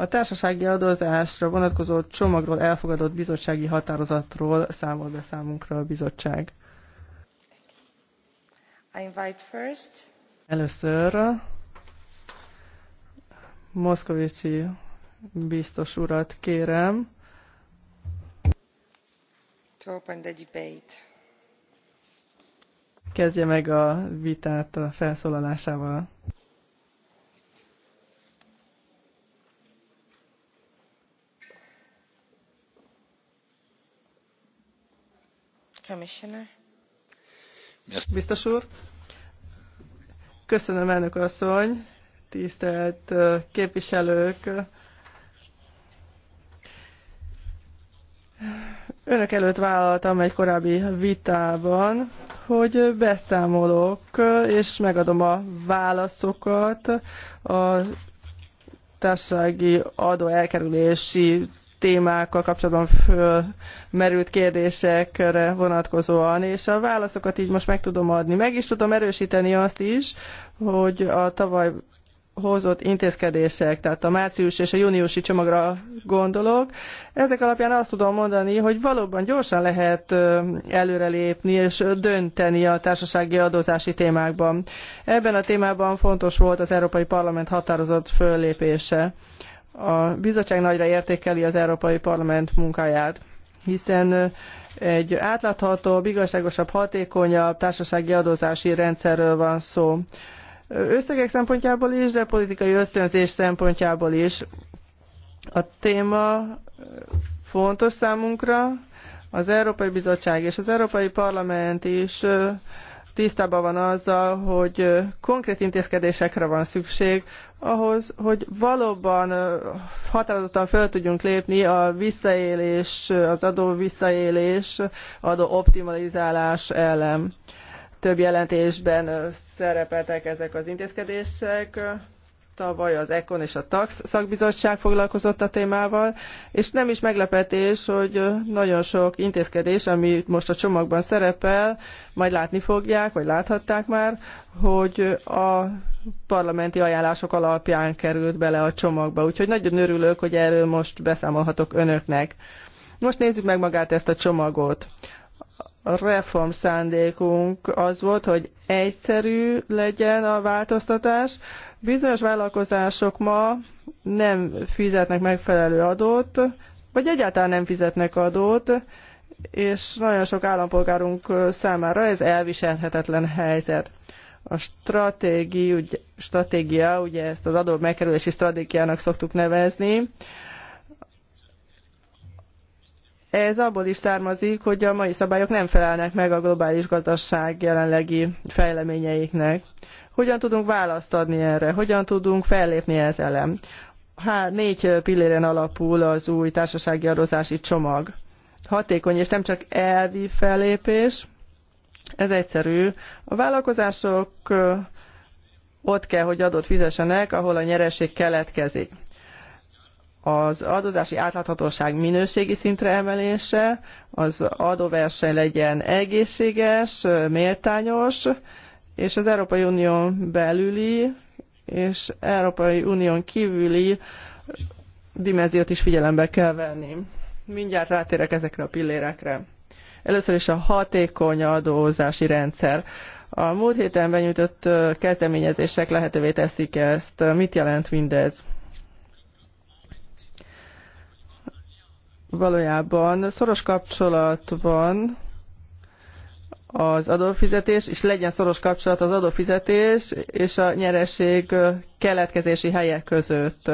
A társasági adózásra vonatkozó csomagról elfogadott bizottsági határozatról számol be számunkra a bizottság. I invite first. Először Moszkovicsi biztos urat kérem. To open the debate. Kezdje meg a vitát a felszólalásával. Biztos úr! Köszönöm, elnök asszony, tisztelt képviselők! Önök előtt vállaltam egy korábbi vitában, hogy beszámolok és megadom a válaszokat a társasági adó elkerülési témákkal kapcsolatban fölmerült kérdésekre vonatkozóan, és a válaszokat így most meg tudom adni. Meg is tudom erősíteni azt is, hogy a tavaly hozott intézkedések, tehát a március és a júniusi csomagra gondolok. Ezek alapján azt tudom mondani, hogy valóban gyorsan lehet előrelépni és dönteni a társasági adózási témákban. Ebben a témában fontos volt az Európai Parlament határozott föllépése. A bizottság nagyra értékeli az Európai Parlament munkáját, hiszen egy átlátható, igazságosabb, hatékonyabb társasági adózási rendszerről van szó. Összegek szempontjából is, de politikai ösztönzés szempontjából is. A téma fontos számunkra, az Európai Bizottság és az Európai Parlament is tisztában van azzal, hogy konkrét intézkedésekre van szükség ahhoz, hogy valóban határozottan fel tudjunk lépni a visszaélés, az adó visszaélés, adó optimalizálás ellen. Több jelentésben szerepeltek ezek az intézkedések tavaly az ECON és a TAX szakbizottság foglalkozott a témával, és nem is meglepetés, hogy nagyon sok intézkedés, ami most a csomagban szerepel, majd látni fogják, vagy láthatták már, hogy a parlamenti ajánlások alapján került bele a csomagba. Úgyhogy nagyon örülök, hogy erről most beszámolhatok önöknek. Most nézzük meg magát ezt a csomagot. A reform szándékunk az volt, hogy egyszerű legyen a változtatás, Bizonyos vállalkozások ma nem fizetnek megfelelő adót, vagy egyáltalán nem fizetnek adót, és nagyon sok állampolgárunk számára ez elviselhetetlen helyzet. A stratégi, ugye, stratégia, ugye ezt az adó megkerülési stratégiának szoktuk nevezni, ez abból is származik, hogy a mai szabályok nem felelnek meg a globális gazdaság jelenlegi fejleményeiknek. Hogyan tudunk választ adni erre? Hogyan tudunk fellépni ez ellen? Há, négy pilléren alapul az új társasági adózási csomag. Hatékony és nem csak elvi fellépés, ez egyszerű. A vállalkozások ott kell, hogy adót fizessenek, ahol a nyereség keletkezik. Az adózási átláthatóság minőségi szintre emelése, az adóverseny legyen egészséges, méltányos, és az Európai Unión belüli és Európai Unión kívüli dimenziót is figyelembe kell venni. Mindjárt rátérek ezekre a pillérekre. Először is a hatékony adózási rendszer. A múlt héten benyújtott kezdeményezések lehetővé teszik ezt. Mit jelent mindez? Valójában szoros kapcsolat van az adófizetés, és legyen szoros kapcsolat az adófizetés és a nyereség keletkezési helye között.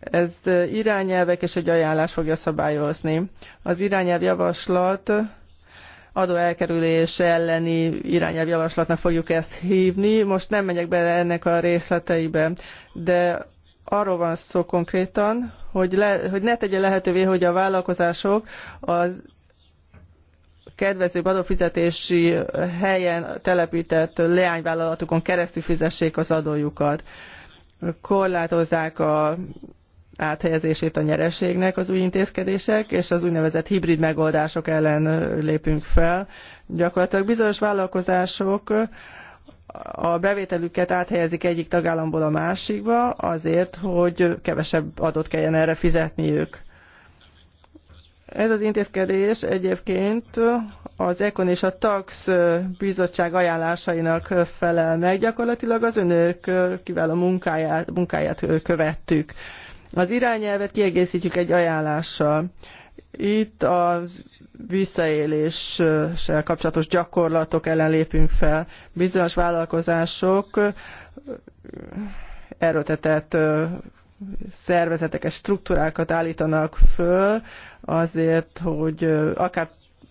Ez irányelvek és egy ajánlás fogja szabályozni. Az irányelv javaslat adóelkerülés elleni irányelvjavaslatnak fogjuk ezt hívni. Most nem megyek bele ennek a részleteibe, de arról van szó konkrétan, hogy, le, hogy ne tegye lehetővé, hogy a vállalkozások az kedvezőbb adófizetési helyen telepített leányvállalatukon keresztül fizessék az adójukat. Korlátozzák a áthelyezését a nyereségnek az új intézkedések, és az úgynevezett hibrid megoldások ellen lépünk fel. Gyakorlatilag bizonyos vállalkozások a bevételüket áthelyezik egyik tagállamból a másikba azért, hogy kevesebb adót kelljen erre fizetniük. Ez az intézkedés egyébként az ECON és a TAX bizottság ajánlásainak felel meg. Gyakorlatilag az önök a munkáját, munkáját követtük. Az irányelvet kiegészítjük egy ajánlással. Itt a visszaéléssel kapcsolatos gyakorlatok ellen lépünk fel. Bizonyos vállalkozások erőtetett szervezeteket, struktúrákat állítanak föl azért, hogy akár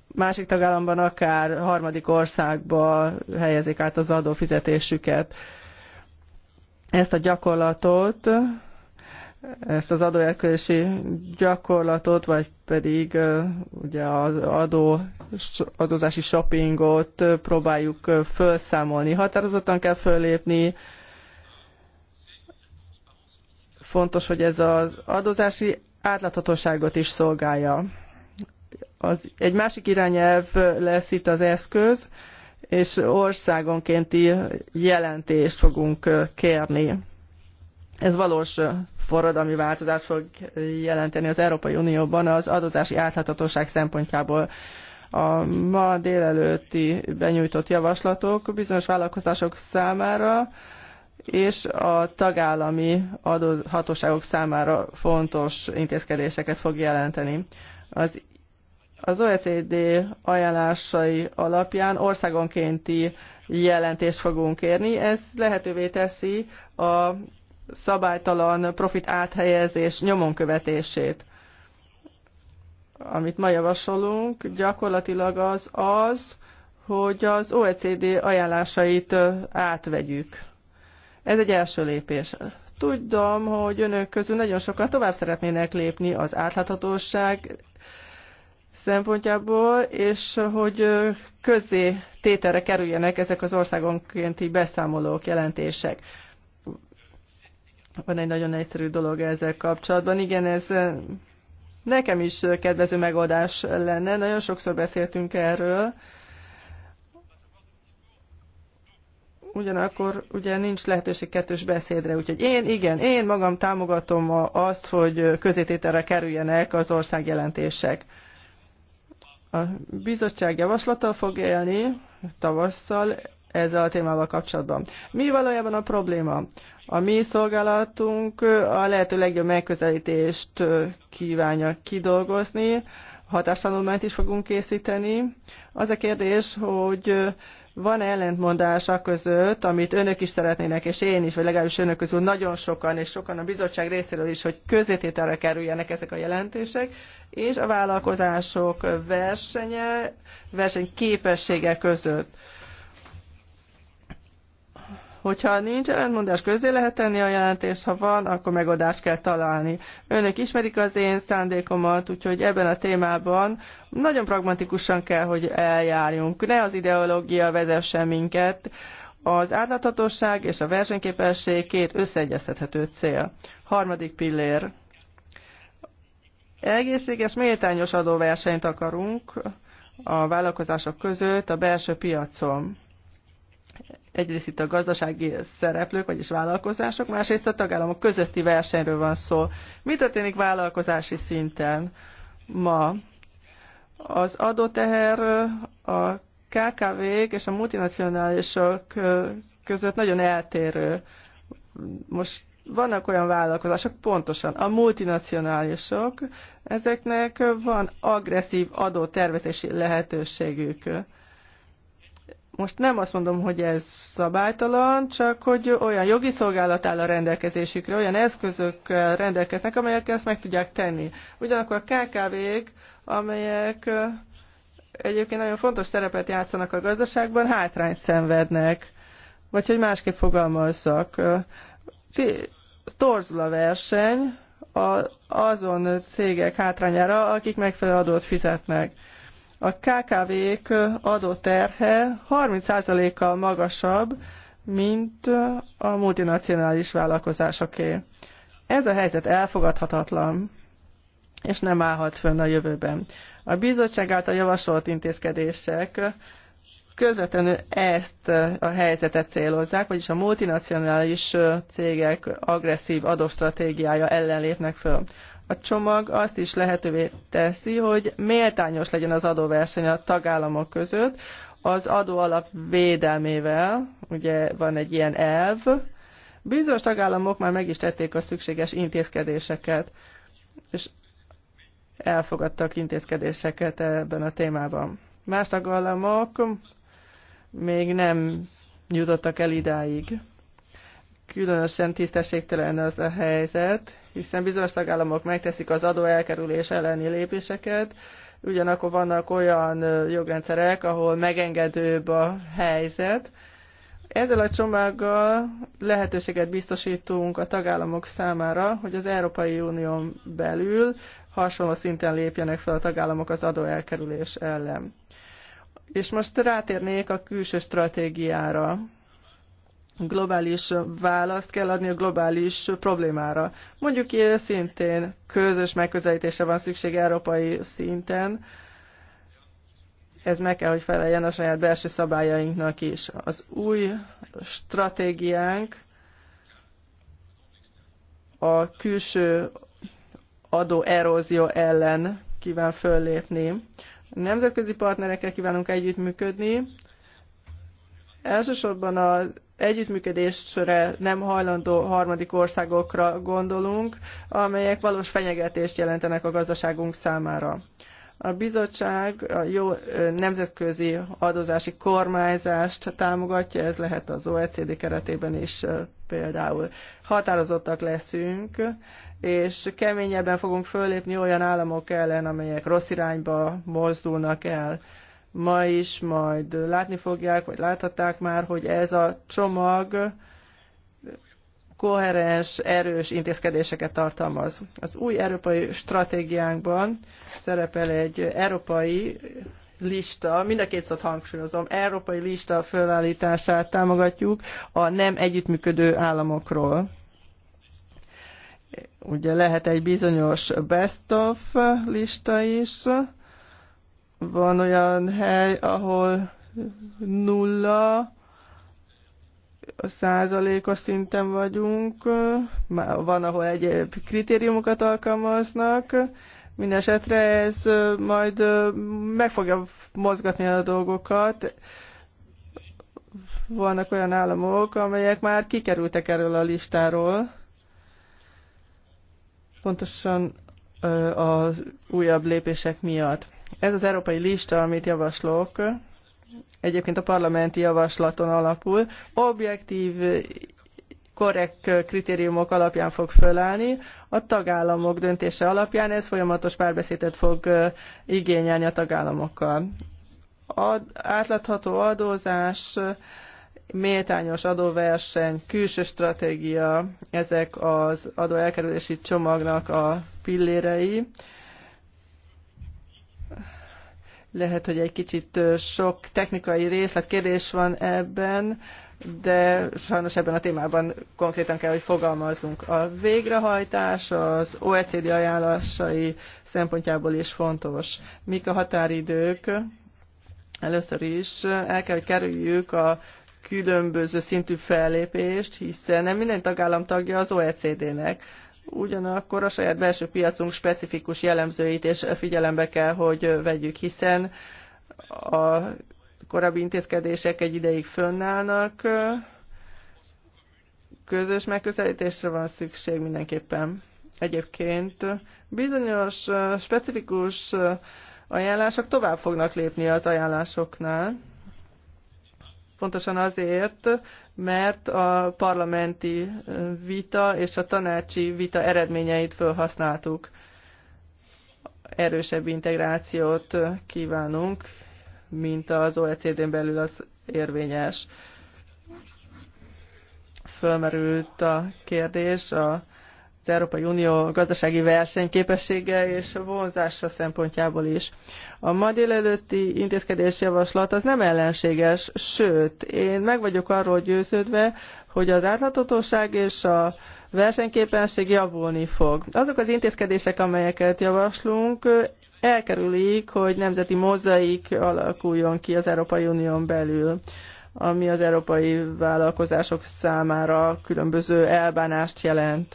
másik tagállamban, akár harmadik országba helyezik át az adófizetésüket. Ezt a gyakorlatot, ezt az adóelkölési gyakorlatot, vagy pedig ugye az adó, adózási shoppingot próbáljuk felszámolni. Határozottan kell föllépni, Fontos, hogy ez az adózási átláthatóságot is szolgálja. Az, egy másik irányelv lesz itt az eszköz, és országonkénti jelentést fogunk kérni. Ez valós forradalmi változást fog jelenteni az Európai Unióban az adózási átláthatóság szempontjából. A ma délelőtti benyújtott javaslatok bizonyos vállalkozások számára és a tagállami adóhatóságok számára fontos intézkedéseket fog jelenteni. Az, az OECD ajánlásai alapján országonkénti jelentést fogunk kérni. Ez lehetővé teszi a szabálytalan profit áthelyezés nyomon követését. Amit ma javasolunk, gyakorlatilag az az, hogy az OECD ajánlásait átvegyük ez egy első lépés. Tudom, hogy önök közül nagyon sokan tovább szeretnének lépni az átláthatóság szempontjából, és hogy közé tételre kerüljenek ezek az országonkénti beszámolók, jelentések. Van egy nagyon egyszerű dolog ezzel kapcsolatban. Igen, ez nekem is kedvező megoldás lenne. Nagyon sokszor beszéltünk erről, ugyanakkor ugye nincs lehetőség kettős beszédre, úgyhogy én igen, én magam támogatom azt, hogy közétételre kerüljenek az országjelentések. A bizottság javaslata fog élni tavasszal ezzel a témával kapcsolatban. Mi valójában a probléma? A mi szolgálatunk a lehető legjobb megközelítést kívánja kidolgozni, hatástanulmányt is fogunk készíteni. Az a kérdés, hogy van ellentmondás a között, amit önök is szeretnének, és én is, vagy legalábbis önök közül nagyon sokan, és sokan a bizottság részéről is, hogy közétételre kerüljenek ezek a jelentések, és a vállalkozások versenye, versenyképessége között Hogyha nincs ellentmondás, közé lehet tenni a jelentést, ha van, akkor megoldást kell találni. Önök ismerik az én szándékomat, úgyhogy ebben a témában nagyon pragmatikusan kell, hogy eljárjunk. Ne az ideológia vezessen minket, az átláthatóság és a versenyképesség két összeegyeztethető cél. Harmadik pillér. Egészséges, méltányos adóversenyt akarunk a vállalkozások között a belső piacon egyrészt itt a gazdasági szereplők, vagyis vállalkozások, másrészt a tagállamok közötti versenyről van szó. Mi történik vállalkozási szinten ma? Az adóteher a KKV-k és a multinacionálisok között nagyon eltérő. Most vannak olyan vállalkozások, pontosan a multinacionálisok, ezeknek van agresszív adótervezési lehetőségük most nem azt mondom, hogy ez szabálytalan, csak hogy olyan jogi szolgálat áll a rendelkezésükre, olyan eszközök rendelkeznek, amelyek ezt meg tudják tenni. Ugyanakkor a KKV-k, amelyek egyébként nagyon fontos szerepet játszanak a gazdaságban, hátrányt szenvednek. Vagy hogy másképp fogalmazzak. Torzul a verseny azon cégek hátrányára, akik megfelelő adót fizetnek. A KKV-k adóterhe 30%-kal magasabb, mint a multinacionális vállalkozásoké. Ez a helyzet elfogadhatatlan, és nem állhat fönn a jövőben. A bizottság által javasolt intézkedések közvetlenül ezt a helyzetet célozzák, vagyis a multinacionális cégek agresszív adóstratégiája ellen lépnek föl. A csomag azt is lehetővé teszi, hogy méltányos legyen az adóverseny a tagállamok között, az adóalap védelmével, ugye van egy ilyen elv, bizonyos tagállamok már meg is tették a szükséges intézkedéseket, és elfogadtak intézkedéseket ebben a témában. Más tagállamok még nem jutottak el idáig különösen tisztességtelen az a helyzet, hiszen bizonyos tagállamok megteszik az adóelkerülés elleni lépéseket, ugyanakkor vannak olyan jogrendszerek, ahol megengedőbb a helyzet. Ezzel a csomaggal lehetőséget biztosítunk a tagállamok számára, hogy az Európai Unión belül hasonló szinten lépjenek fel a tagállamok az adóelkerülés ellen. És most rátérnék a külső stratégiára, globális választ kell adni a globális problémára. Mondjuk ilyen szintén közös megközelítésre van szükség európai szinten, ez meg kell, hogy feleljen a saját belső szabályainknak is. Az új stratégiánk a külső adó erózió ellen kíván föllépni. Nemzetközi partnerekkel kívánunk együttműködni, elsősorban az együttműködésre nem hajlandó harmadik országokra gondolunk, amelyek valós fenyegetést jelentenek a gazdaságunk számára. A bizottság a jó nemzetközi adózási kormányzást támogatja, ez lehet az OECD keretében is például. Határozottak leszünk, és keményebben fogunk fölépni olyan államok ellen, amelyek rossz irányba mozdulnak el ma is majd látni fogják, vagy láthatták már, hogy ez a csomag koherens, erős intézkedéseket tartalmaz. Az új európai stratégiánkban szerepel egy európai lista, mind a két szót hangsúlyozom, európai lista fölállítását támogatjuk a nem együttműködő államokról. Ugye lehet egy bizonyos best of lista is, van olyan hely, ahol nulla a százalékos szinten vagyunk, van, ahol egyéb kritériumokat alkalmaznak, mindesetre ez majd meg fogja mozgatni a dolgokat. Vannak olyan államok, amelyek már kikerültek erről a listáról. Pontosan az újabb lépések miatt. Ez az európai lista, amit javaslok, egyébként a parlamenti javaslaton alapul, objektív, korrekt kritériumok alapján fog fölállni, a tagállamok döntése alapján ez folyamatos párbeszédet fog igényelni a tagállamokkal. Ad, átlátható adózás, méltányos adóverseny, külső stratégia, ezek az adóelkerülési csomagnak a pillérei, lehet, hogy egy kicsit sok technikai részletkérdés van ebben, de sajnos ebben a témában konkrétan kell, hogy fogalmazzunk. A végrehajtás az OECD ajánlásai szempontjából is fontos. Mik a határidők? Először is el kell, hogy kerüljük a különböző szintű fellépést, hiszen nem minden tagállam tagja az OECD-nek ugyanakkor a saját belső piacunk specifikus jellemzőit és figyelembe kell, hogy vegyük, hiszen a korábbi intézkedések egy ideig fönnállnak, közös megközelítésre van szükség mindenképpen. Egyébként bizonyos specifikus ajánlások tovább fognak lépni az ajánlásoknál, Pontosan azért, mert a parlamenti vita és a tanácsi vita eredményeit felhasználtuk. Erősebb integrációt kívánunk, mint az OECD-n belül az érvényes. Fölmerült a kérdés a az Európai Unió gazdasági versenyképessége és vonzása szempontjából is. A ma délelőtti intézkedésjavaslat az nem ellenséges, sőt, én meg vagyok arról győződve, hogy az átláthatóság és a versenyképesség javulni fog. Azok az intézkedések, amelyeket javaslunk, elkerülik, hogy nemzeti mozaik alakuljon ki az Európai Unión belül ami az európai vállalkozások számára különböző elbánást jelent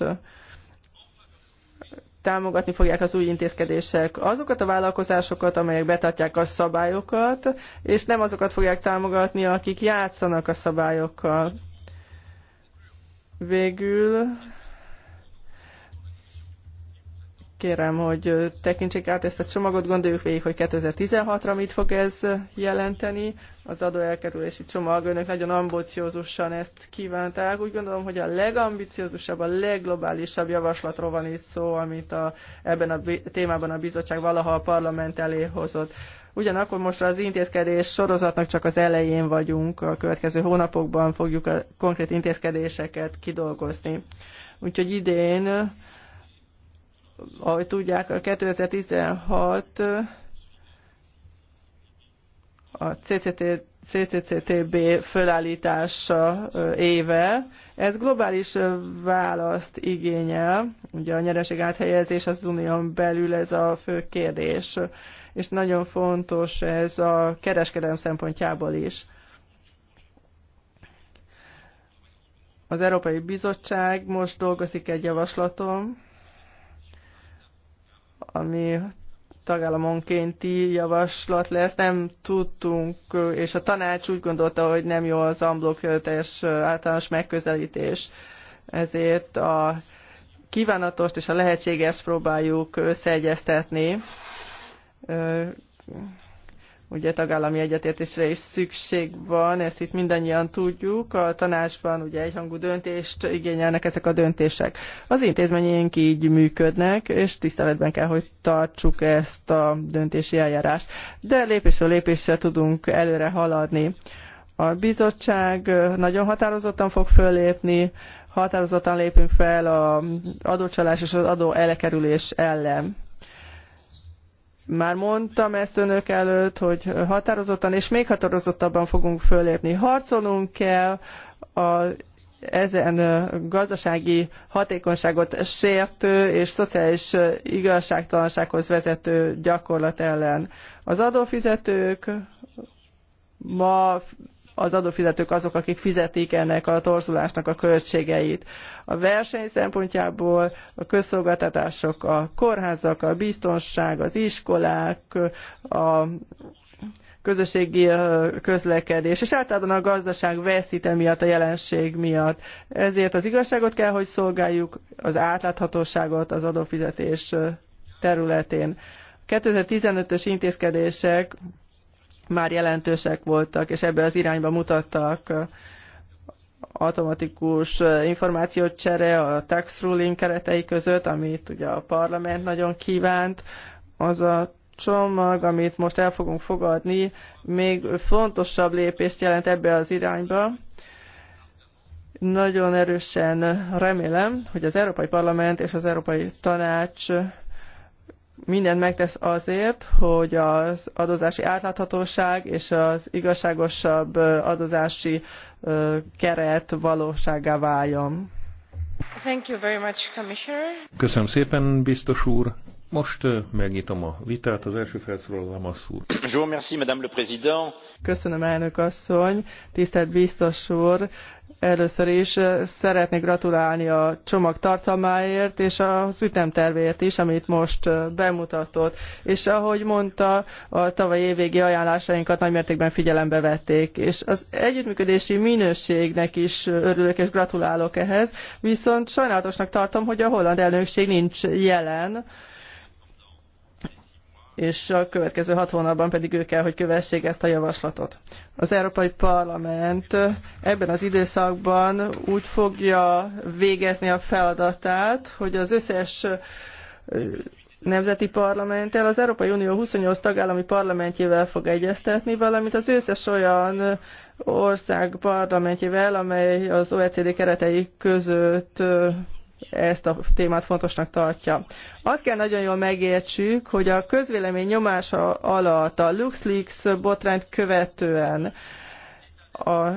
támogatni fogják az új intézkedések azokat a vállalkozásokat, amelyek betartják a szabályokat, és nem azokat fogják támogatni, akik játszanak a szabályokkal. Végül kérem, hogy tekintsék át ezt a csomagot, gondoljuk végig, hogy 2016-ra mit fog ez jelenteni. Az adóelkerülési csomag, önök nagyon ambiciózusan ezt kívánták. Úgy gondolom, hogy a legambiciózusabb, a legglobálisabb javaslatról van itt szó, amit a, ebben a témában a bizottság valaha a parlament elé hozott. Ugyanakkor most az intézkedés sorozatnak csak az elején vagyunk, a következő hónapokban fogjuk a konkrét intézkedéseket kidolgozni. Úgyhogy idén ahogy tudják, a 2016 a CCT, CCCTB fölállítása éve. Ez globális választ igényel, ugye a nyereség áthelyezés az unión belül ez a fő kérdés, és nagyon fontos ez a kereskedelem szempontjából is. Az Európai Bizottság most dolgozik egy javaslatom ami tagállamonkénti javaslat lesz. Nem tudtunk, és a tanács úgy gondolta, hogy nem jó az amblok teljes általános megközelítés. Ezért a kívánatost és a lehetséges próbáljuk összeegyeztetni ugye tagállami egyetértésre is szükség van, ezt itt mindannyian tudjuk, a tanácsban ugye egyhangú döntést igényelnek ezek a döntések. Az intézményénk így működnek, és tiszteletben kell, hogy tartsuk ezt a döntési eljárást, de lépésről lépésre tudunk előre haladni. A bizottság nagyon határozottan fog fölépni, határozottan lépünk fel az adócsalás és az adó elkerülés ellen már mondtam ezt önök előtt, hogy határozottan és még határozottabban fogunk fölépni. Harcolunk kell a ezen gazdasági hatékonyságot sértő és szociális igazságtalansághoz vezető gyakorlat ellen. Az adófizetők, ma az adófizetők azok, akik fizetik ennek a torzulásnak a költségeit. A verseny szempontjából a közszolgáltatások, a kórházak, a biztonság, az iskolák, a közösségi közlekedés, és általában a gazdaság veszíte miatt, a jelenség miatt. Ezért az igazságot kell, hogy szolgáljuk, az átláthatóságot az adófizetés területén. 2015-ös intézkedések már jelentősek voltak, és ebbe az irányba mutattak automatikus információt csere a tax ruling keretei között, amit ugye a parlament nagyon kívánt, az a csomag, amit most el fogunk fogadni, még fontosabb lépést jelent ebbe az irányba. Nagyon erősen remélem, hogy az Európai Parlament és az Európai Tanács mindent megtesz azért, hogy az adózási átláthatóság és az igazságosabb adózási keret valóságá váljon. Thank you very much, Commissioner. Köszönöm szépen, biztos úr. Most megnyitom a vitát, az első felszólaló Lamassz úr. Köszönöm, elnök asszony, tisztelt biztos úr. Először is szeretnék gratulálni a csomag tartalmáért és az ütemtervért is, amit most bemutatott. És ahogy mondta, a tavaly évvégi ajánlásainkat nagymértékben figyelembe vették. És az együttműködési minőségnek is örülök és gratulálok ehhez, viszont sajnálatosnak tartom, hogy a holland elnökség nincs jelen, és a következő hat hónapban pedig ő kell, hogy kövessék ezt a javaslatot. Az Európai Parlament ebben az időszakban úgy fogja végezni a feladatát, hogy az összes nemzeti parlamenttel, az Európai Unió 28 tagállami parlamentjével fog egyeztetni, valamint az összes olyan ország parlamentjével, amely az OECD keretei között ezt a témát fontosnak tartja. Azt kell nagyon jól megértsük, hogy a közvélemény nyomása alatt a LuxLeaks botrányt követően a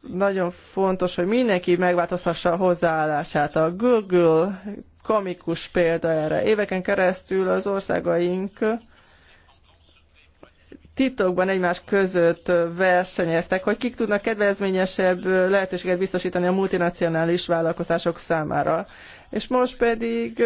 nagyon fontos, hogy mindenki megváltoztassa a hozzáállását. A Google komikus példa erre. Éveken keresztül az országaink titokban egymás között versenyeztek, hogy kik tudnak kedvezményesebb lehetőséget biztosítani a multinacionális vállalkozások számára. És most pedig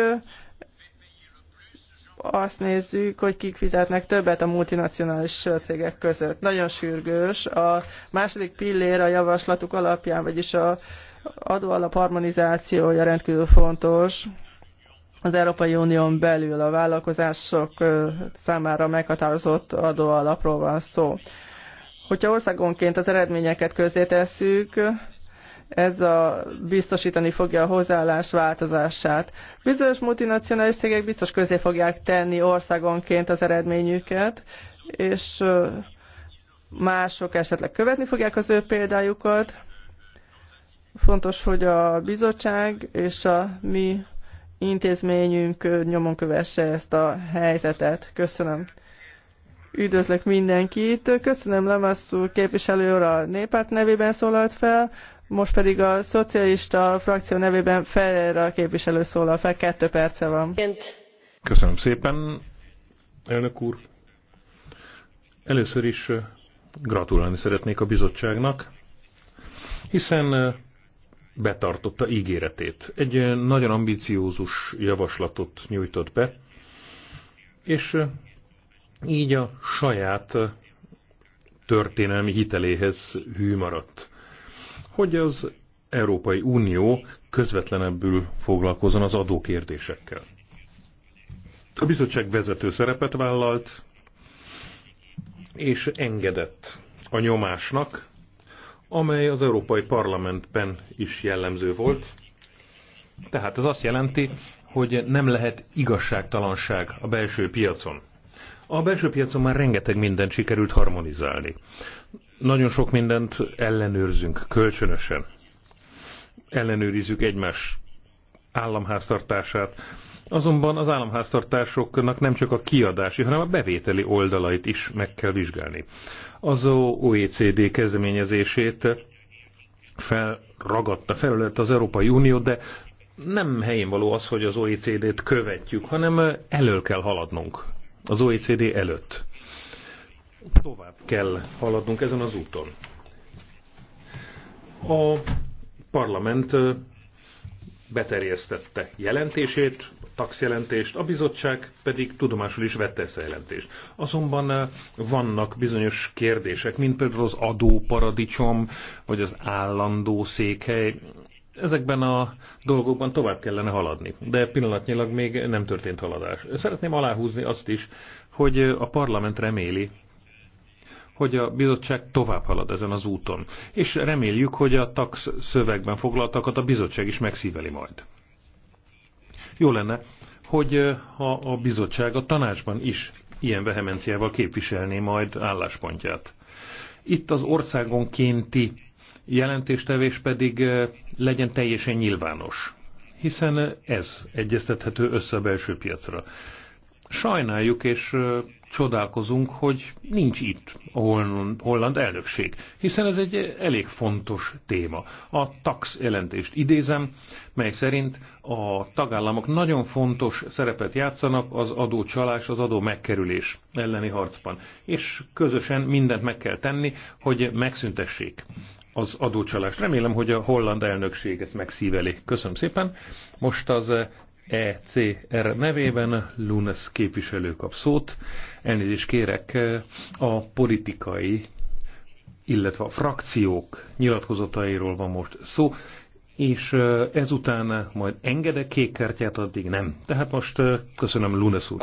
azt nézzük, hogy kik fizetnek többet a multinacionális cégek között. Nagyon sürgős. A második pillér a javaslatuk alapján, vagyis a adóalap harmonizációja rendkívül fontos az Európai Unión belül a vállalkozások számára meghatározott adóalapról van szó. Hogyha országonként az eredményeket közzétesszük, ez a biztosítani fogja a hozzáállás változását. Bizonyos multinacionális cégek biztos közé fogják tenni országonként az eredményüket, és mások esetleg követni fogják az ő példájukat. Fontos, hogy a bizottság és a mi intézményünk nyomon kövesse ezt a helyzetet. Köszönöm. Üdvözlök mindenkit. Köszönöm Lemasszú képviselő úr a néppárt nevében szólalt fel, most pedig a szocialista frakció nevében Ferreira képviselő szólal fel, kettő perce van. Köszönöm szépen, elnök úr. Először is gratulálni szeretnék a bizottságnak, hiszen betartotta ígéretét. Egy nagyon ambiciózus javaslatot nyújtott be, és így a saját történelmi hiteléhez hű maradt. Hogy az Európai Unió közvetlenebbül foglalkozon az adókérdésekkel. A bizottság vezető szerepet vállalt, és engedett a nyomásnak, amely az Európai Parlamentben is jellemző volt. Tehát ez azt jelenti, hogy nem lehet igazságtalanság a belső piacon. A belső piacon már rengeteg mindent sikerült harmonizálni. Nagyon sok mindent ellenőrzünk kölcsönösen. Ellenőrizzük egymás államháztartását. Azonban az államháztartásoknak nem csak a kiadási, hanem a bevételi oldalait is meg kell vizsgálni az OECD kezdeményezését felragadta, felület az Európai Unió, de nem helyén való az, hogy az OECD-t követjük, hanem elől kell haladnunk, az OECD előtt. Tovább kell haladnunk ezen az úton. A parlament beterjesztette jelentését, taxjelentést, a bizottság pedig tudomásul is vette ezt a jelentést. Azonban eh, vannak bizonyos kérdések, mint például az adóparadicsom, vagy az állandó székhely. Ezekben a dolgokban tovább kellene haladni, de pillanatnyilag még nem történt haladás. Szeretném aláhúzni azt is, hogy eh, a parlament reméli, hogy a bizottság tovább halad ezen az úton, és reméljük, hogy a tax szövegben foglaltakat a bizottság is megszíveli majd. Jó lenne, hogy ha a bizottság a tanácsban is ilyen vehemenciával képviselné majd álláspontját. Itt az országonkénti jelentéstevés pedig legyen teljesen nyilvános, hiszen ez egyeztethető össze a belső piacra sajnáljuk és csodálkozunk, hogy nincs itt a holland elnökség, hiszen ez egy elég fontos téma. A tax jelentést idézem, mely szerint a tagállamok nagyon fontos szerepet játszanak az adócsalás, az adó megkerülés elleni harcban, és közösen mindent meg kell tenni, hogy megszüntessék az adócsalást. Remélem, hogy a holland elnökség ezt megszíveli. Köszönöm szépen. Most az ECR nevében Lunes képviselő kap szót. Elnézést kérek, eh, a politikai, illetve a frakciók nyilatkozatairól van most szó, és eh, ezután majd engedek kék kártyát, addig nem. Tehát most eh, köszönöm Lunes úr.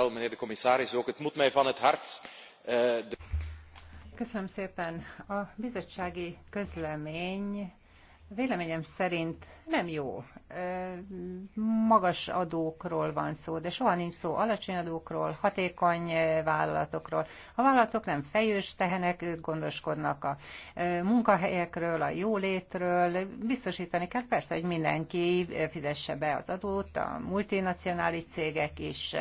Köszönöm szépen. A bizottsági közlemény Véleményem szerint nem jó. Magas adókról van szó, de soha nincs szó alacsony adókról, hatékony vállalatokról. A vállalatok nem fejős tehenek, ők gondoskodnak a munkahelyekről, a jólétről. Biztosítani kell persze, hogy mindenki fizesse be az adót, a multinacionális cégek is.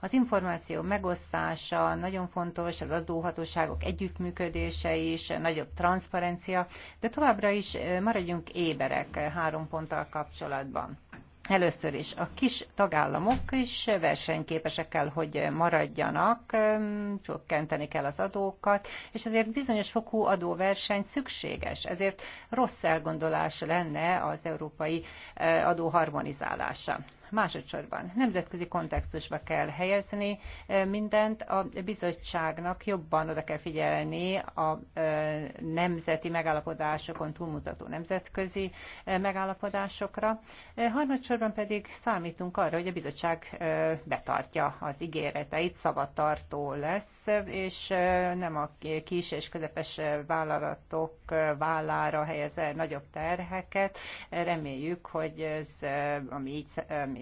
Az információ megosztása nagyon fontos, az adóhatóságok együttműködése is, nagyobb transzparencia, de továbbra is maradjunk legyünk éberek három ponttal kapcsolatban. Először is a kis tagállamok is versenyképesek kell, hogy maradjanak, csökkenteni kell az adókat, és ezért bizonyos fokú adóverseny szükséges. Ezért rossz elgondolás lenne az európai adóharmonizálása. Másodszorban nemzetközi kontextusba kell helyezni eh, mindent, a bizottságnak jobban oda kell figyelni a eh, nemzeti megállapodásokon túlmutató nemzetközi eh, megállapodásokra. Harmadsorban pedig számítunk arra, hogy a bizottság betartja az ígéreteit, szavatartó lesz, és nem a kis és közepes vállalatok vállára helyez el nagyobb terheket. Reméljük, hogy ez, ami így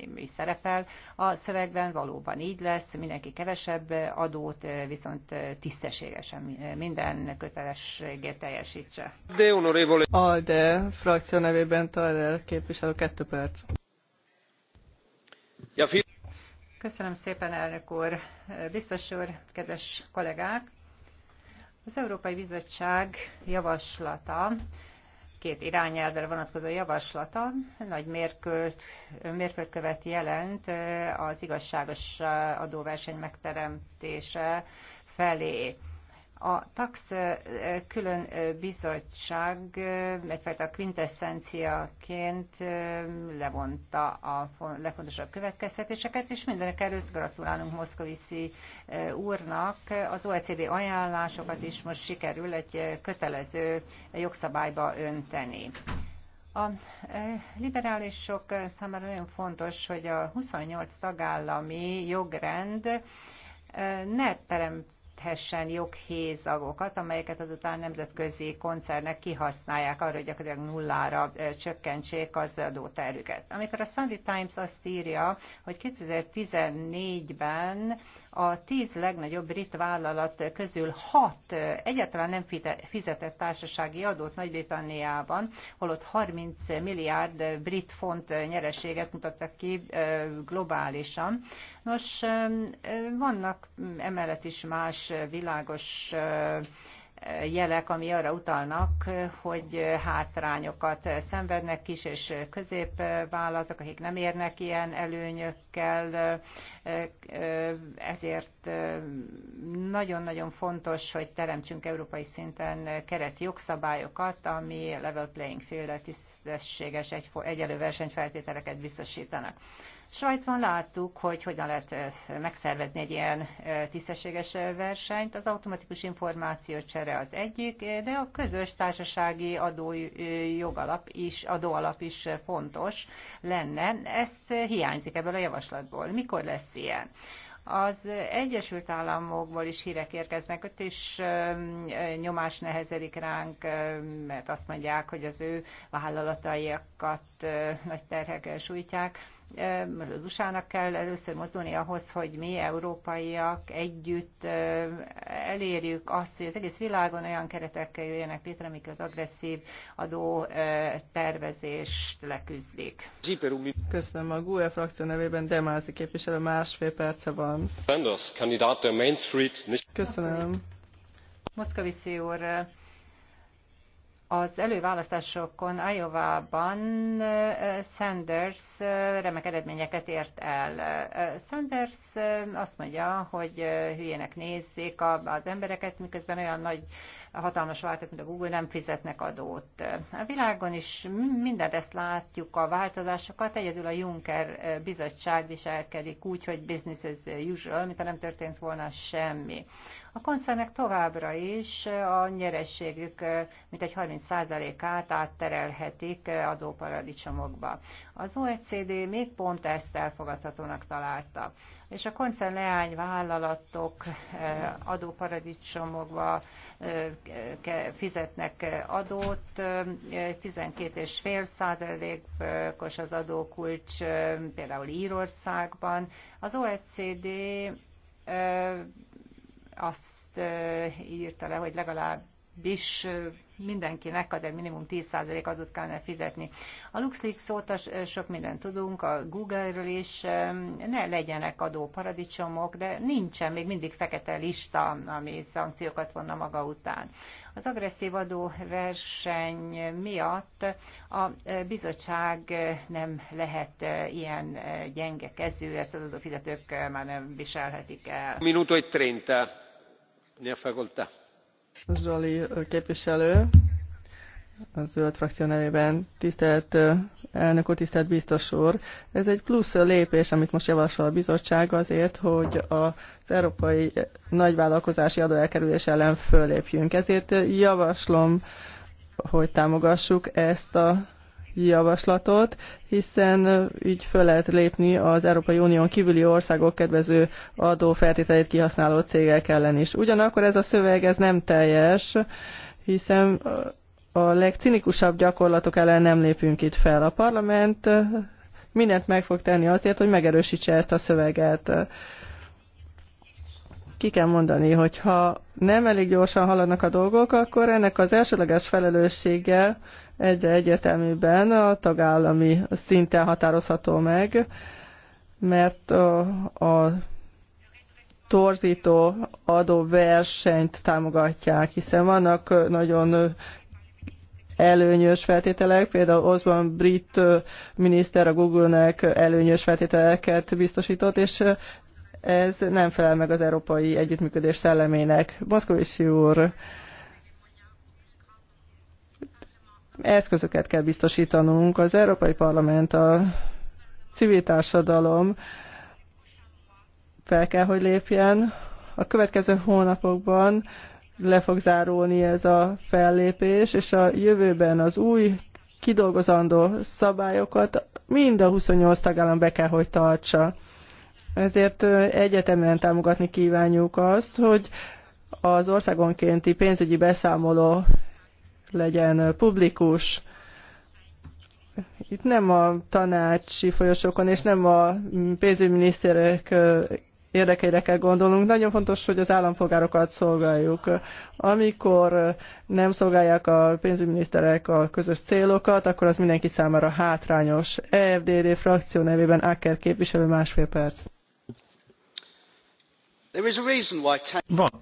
mi szerepel a szövegben, valóban így lesz, mindenki kevesebb adót, viszont tisztességesen minden kötelességet teljesítse. De A de frakció nevében Tarrel képviselő kettő perc. Ja, fi- Köszönöm szépen, elnök úr. Biztos úr, kedves kollégák! Az Európai Bizottság javaslata két irányelvre vonatkozó javaslata nagy mérkölt, mérföldkövet jelent eh, az igazságos eh, adóverseny megteremtése felé. A TAX külön bizottság egyfajta quintessenciaként levonta a legfontosabb következtetéseket, és mindenek előtt gratulálunk Moszkoviszi úrnak. Az OECD ajánlásokat is most sikerül egy kötelező jogszabályba önteni. A liberálisok számára nagyon fontos, hogy a 28 tagállami jogrend ne terem, teremthessen joghézagokat, amelyeket azután nemzetközi koncernek kihasználják arra, hogy gyakorlatilag nullára csökkentsék az adóterüket. Amikor a Sunday Times azt írja, hogy 2014-ben a tíz legnagyobb brit vállalat közül hat egyáltalán nem fizetett társasági adót Nagy-Britanniában, holott 30 milliárd brit font nyereséget mutattak ki globálisan. Nos, vannak emellett is más világos jelek, ami arra utalnak, hogy hátrányokat szenvednek kis és középvállalatok, akik nem érnek ilyen előnyökkel, ezért nagyon-nagyon fontos, hogy teremtsünk európai szinten kereti jogszabályokat, ami level playing field tisztességes egy, egyelő versenyfeltételeket biztosítanak. Svájcban láttuk, hogy hogyan lehet megszervezni egy ilyen tisztességes versenyt. Az automatikus információcsere elve az egyik, de a közös társasági adó jogalap is, adóalap is fontos lenne. Ezt hiányzik ebből a javaslatból. Mikor lesz ilyen? Az Egyesült Államokból is hírek érkeznek, ott is nyomás nehezedik ránk, mert azt mondják, hogy az ő vállalataiakat nagy terhekkel sújtják az USA-nak kell először mozdulni ahhoz, hogy mi európaiak együtt elérjük azt, hogy az egész világon olyan keretekkel jöjjenek létre, amik az agresszív adó tervezést leküzdik. Köszönöm a GUE frakció nevében Demázi képviselő másfél perce van. Köszönöm. Moszkavici úr, az előválasztásokon Iowa-ban Sanders remek eredményeket ért el. Sanders azt mondja, hogy hülyének nézzék az embereket, miközben olyan nagy a hatalmas vártak, mint a Google nem fizetnek adót. A világon is mindent ezt látjuk, a változásokat, egyedül a Juncker eh, bizottság viselkedik úgy, hogy business as usual, mint ha nem történt volna semmi. A koncernek továbbra is eh, a nyerességük eh, mintegy 30%-át átterelhetik adóparadicsomokba. Az OECD még pont ezt elfogadhatónak találta. És a koncern leányvállalatok eh, adóparadicsomokba eh, fizetnek eh, adót, 12,5 százalékos az adókulcs például Írországban. Az OECD azt írta le, hogy legalább is mindenkinek azért minimum 10% adót kellene fizetni. A LuxLeaks óta sok mindent tudunk, a Google-ről is, ne legyenek adóparadicsomok, de nincsen még mindig fekete lista, ami szankciókat vonna maga után. Az agresszív adóverseny miatt a e, bizottság e, nem lehet e, ilyen gyenge kezű, ezt az adófizetők már nem viselhetik el. Minuto e 30. Ne facoltà Zsoli képviselő, a zöld frakció nevében. Tisztelt elnök úr, tisztelt biztos úr! Ez egy plusz lépés, amit most javasol a bizottság azért, hogy az európai nagyvállalkozási adóelkerülés ellen fölépjünk. Ezért javaslom, hogy támogassuk ezt a javaslatot, hiszen így föl lehet lépni az Európai Unión kívüli országok kedvező adófeltételét kihasználó cégek ellen is. Ugyanakkor ez a szöveg ez nem teljes, hiszen a legcinikusabb gyakorlatok ellen nem lépünk itt fel. A parlament mindent meg fog tenni azért, hogy megerősítse ezt a szöveget ki kell mondani, hogy ha nem elég gyorsan haladnak a dolgok, akkor ennek az elsőleges felelőssége egyre egyértelműben a tagállami szinten határozható meg, mert a, a torzító versenyt támogatják, hiszen vannak nagyon előnyös feltételek, például Osman brit miniszter a Google-nek előnyös feltételeket biztosított, és ez nem felel meg az európai együttműködés szellemének. Boszkovicsi úr, eszközöket kell biztosítanunk. Az Európai Parlament, a civil társadalom fel kell, hogy lépjen. A következő hónapokban le fog zárulni ez a fellépés, és a jövőben az új kidolgozandó szabályokat mind a 28 tagállam be kell, hogy tartsa. Ezért egyetemen támogatni kívánjuk azt, hogy az országonkénti pénzügyi beszámoló legyen publikus. Itt nem a tanácsi folyosókon és nem a pénzügyminiszterek érdekeire kell gondolnunk. Nagyon fontos, hogy az állampolgárokat szolgáljuk. Amikor nem szolgálják a pénzügyminiszterek a közös célokat, akkor az mindenki számára hátrányos. EFDD frakció nevében Acker képviselő másfél perc. Van oka.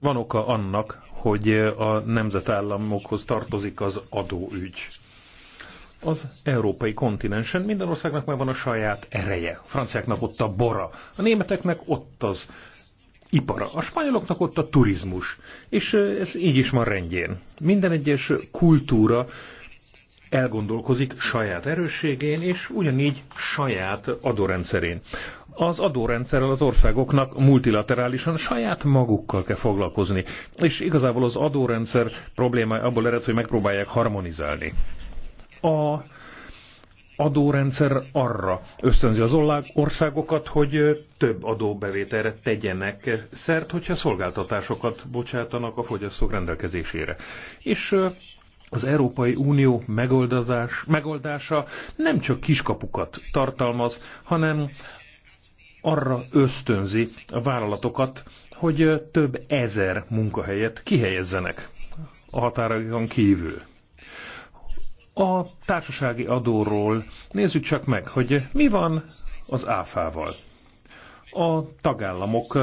Van oka annak, hogy a nemzetállamokhoz tartozik az adóügy. Az európai kontinensen minden országnak megvan a saját ereje. A franciáknak ott a bora, a németeknek ott az ipara, a spanyoloknak ott a turizmus. És ez így is van rendjén. Minden egyes kultúra elgondolkozik saját erősségén, és ugyanígy saját adórendszerén az adórendszerrel az országoknak multilaterálisan saját magukkal kell foglalkozni. És igazából az adórendszer problémája abból ered, hogy megpróbálják harmonizálni. A adórendszer arra ösztönzi az országokat, hogy több adóbevételre tegyenek szert, hogyha szolgáltatásokat bocsátanak a fogyasztók rendelkezésére. És az Európai Unió megoldás, megoldása nem csak kiskapukat tartalmaz, hanem arra ösztönzi a vállalatokat, hogy több ezer munkahelyet kihelyezzenek a határokon kívül. A társasági adóról nézzük csak meg, hogy mi van az áfával. A tagállamok